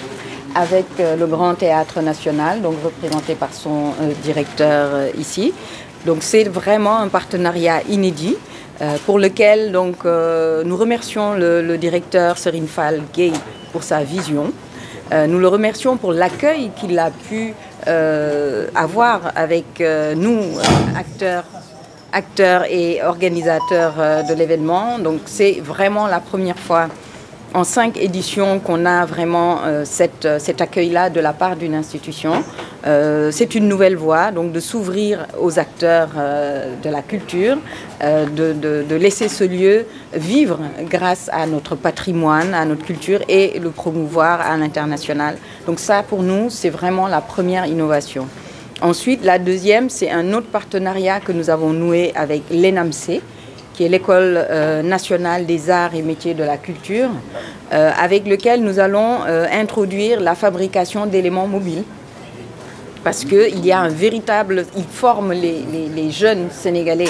avec euh, le Grand Théâtre National, donc représenté par son euh, directeur euh, ici. Donc c'est vraiment un partenariat inédit pour lequel donc, nous remercions le, directeur Serine Fall Gay pour sa vision. nous le remercions pour l'accueil qu'il a pu avoir avec nous, acteurs acteurs et organisateurs de l'événement. Donc c'est vraiment la première fois en cinq éditions qu'on a vraiment euh, euh, cet accueil-là de la part d'une institution. Euh, c'est une nouvelle voie, donc de s'ouvrir aux acteurs de la culture, de, de, laisser ce lieu vivre grâce à notre patrimoine, à notre culture et le promouvoir à l'international. Donc ça, pour nous, c'est vraiment la première innovation. Ensuite, la deuxième, c'est un autre partenariat que nous avons noué avec l'ENAMC, qui est l'école euh, nationale des arts et métiers de la culture, euh, avec lequel nous allons euh, introduire la fabrication d'éléments mobiles parce qu'il y a un véritable, il forme les, jeunes sénégalais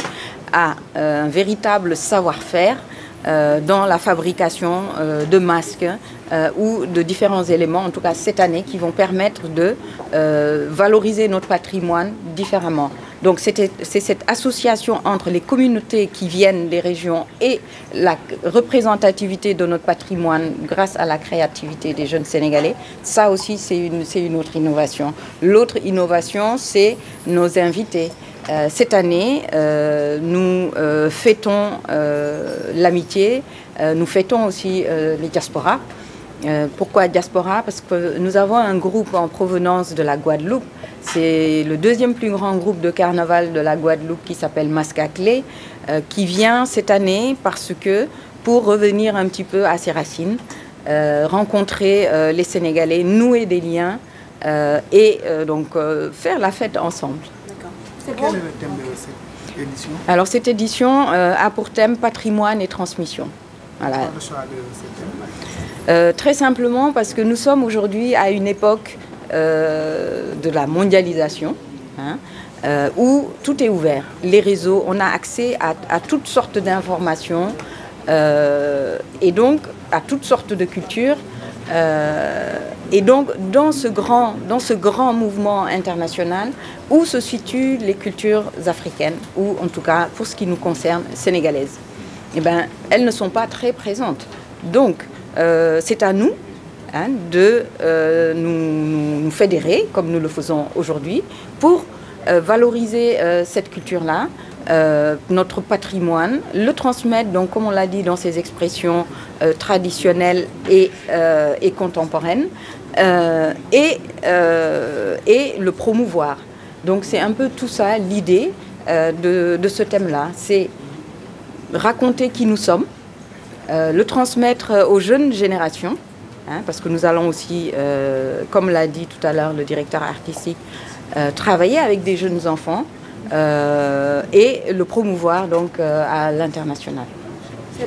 à un véritable savoir-faire dans la fabrication de masques, euh, ou de différents éléments, en tout cas cette année, qui vont permettre de euh, valoriser notre patrimoine différemment. Donc c'est cette association entre les communautés qui viennent des régions et la représentativité de notre patrimoine grâce à la créativité des jeunes Sénégalais. Ça aussi, c'est une, autre innovation. L'autre innovation, c'est nos invités euh, cette année, nous fêtons l'amitié, nous fêtons aussi les diasporas. Euh, pourquoi diaspora Parce que nous avons un groupe en provenance de la Guadeloupe. C'est le deuxième plus grand groupe de carnaval de la Guadeloupe qui s'appelle Mascaclé, euh, qui vient cette année parce que pour revenir un petit peu à ses racines, euh, rencontrer les Sénégalais, nouer des liens et donc faire la fête ensemble. Quel est le thème de cette édition Alors cette édition a pour thème patrimoine et transmission. Voilà. Euh, très simplement parce que nous sommes aujourd'hui à une époque euh, de la mondialisation. Hein, euh, où tout est ouvert. Les réseaux, on a accès à, toutes sortes d'informations et donc à toutes sortes de cultures. et donc dans ce, grand, dans ce grand mouvement international, où se situent les cultures africaines, ou en tout cas pour ce qui nous concerne, sénégalaises eh ben, elles ne sont pas très présentes. Donc, euh, c'est à nous hein, de euh, nous, fédérer, comme nous le faisons aujourd'hui, pour euh, valoriser cette culture-là, notre patrimoine, le transmettre, donc, comme on l'a dit, dans ses expressions traditionnelles et, contemporaines, et, et le promouvoir. Donc c'est un peu tout ça l'idée de ce thème-là. C'est raconter qui nous sommes, euh, le transmettre aux jeunes générations, hein, parce que nous allons aussi, euh, comme l'a dit tout à l'heure le directeur artistique, euh, travailler avec des jeunes enfants et le promouvoir donc à l'international. C'est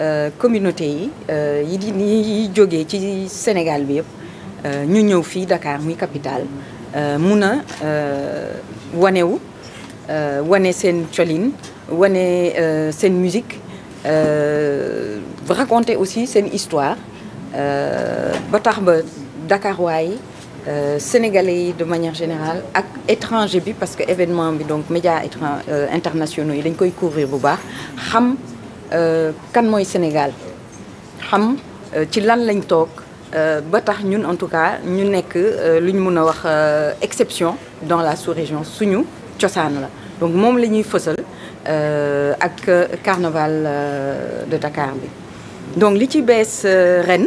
Euh, communauté yi euh, yi di yi Sénégal bi euh, Dakar muy capitale wu euh wané wané musique raconter aussi histoire ba tax ba sénégalais de manière générale ak étranger parce que événement donc médias étrangers internationaux yi couvrir euh, kan moy Sénégal xam euh, ci lan lañ toog euh, ba tax ñun en tout cas ñu nekk luñ mëna wax exception dans la sous-région suñu cosaan la donc mom lañuy ñuy fësal ak carnaval de Dakar bi donc li ci bees ren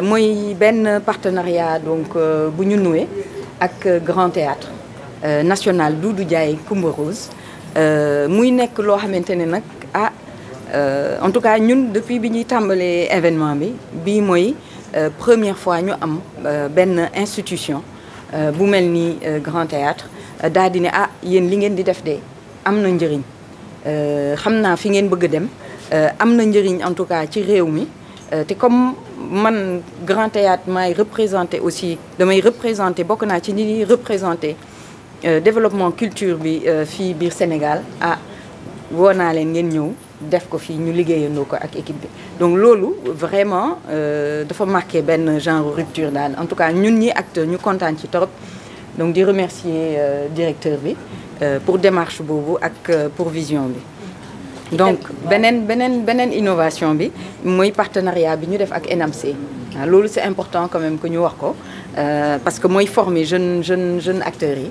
moy ben partenariat donc bu ñu noué ak Grand Théâtre national Doudou Diaye Coumba Rose muy nekk lo xamante nak euh, en tout cas ñun depuis bi ñuy tàmbalee événement bi bii mooy euh, première fois ñu am ben institution bu melni Grand Théâtre daal dina ah yeen li ngeen di def de am na euh xamna fi ngeen bëgg dem am amna njëriñ en tout cas ci réew mi té comme man Grand Théâtre may représenté aussi damay représenté bokk na ci ni représenter développement culture bi fi biir Sénégal ah woo naa ngeen ñëw def ko fi ñu liggéeyandoo ak équipe bi donc lolu vraiment euh, dafa marqué ben genre rupture dans. en tout cas ñun ñi acteur ñu kontaan ci torop donc di remercier euh, directeur bi euh, pour démarche bobu ak pour vision bi donc benen benen benen innovation bi moy partenariat bi ñu def ak NMC ah, lolu c'est important quand même que ñu wax ko parce que moy former jeune jeune jeune acteurs yi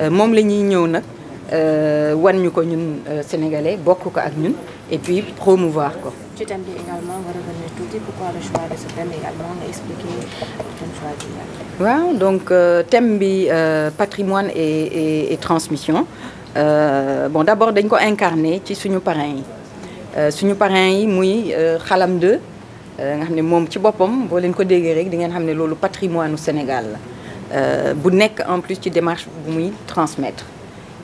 Euh, mom lañuy ñëw nak euh, euh sénégalais bokku ko ak et puis promouvoir tu également revenir pourquoi le choix de ce thème également expliquer donc euh, thème bi patrimoine et, et, et transmission euh, bon d'abord dañ ko incarné ci suñu parrain Les parrain yi muy xalam de nga ci voilà, sommes patrimoine au Sénégal euh, bu nek en plus ci démarche bu muy transmettre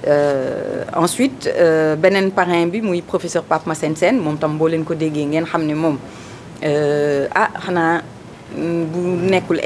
euh, ensuite euh, Benen parrain bi muy professeur Pape Massène Sène moom tam bo len ko déggé ngén xamné mom euh, ah xana mm, bu nekul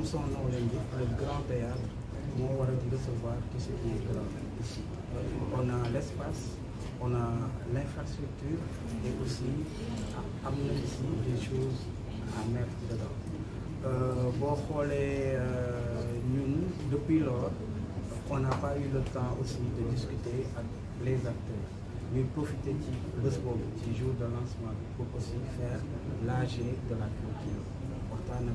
comme son nom le grand théâtre, on va ce qui est ici. On a l'espace, on a l'infrastructure et aussi amener ici des choses à mettre dedans. Euh, bon, euh, nous, depuis lors on n'a pas eu le temps aussi de discuter avec les acteurs mais profiter du ce moment, jour de lancement pour aussi faire l'âge de la culture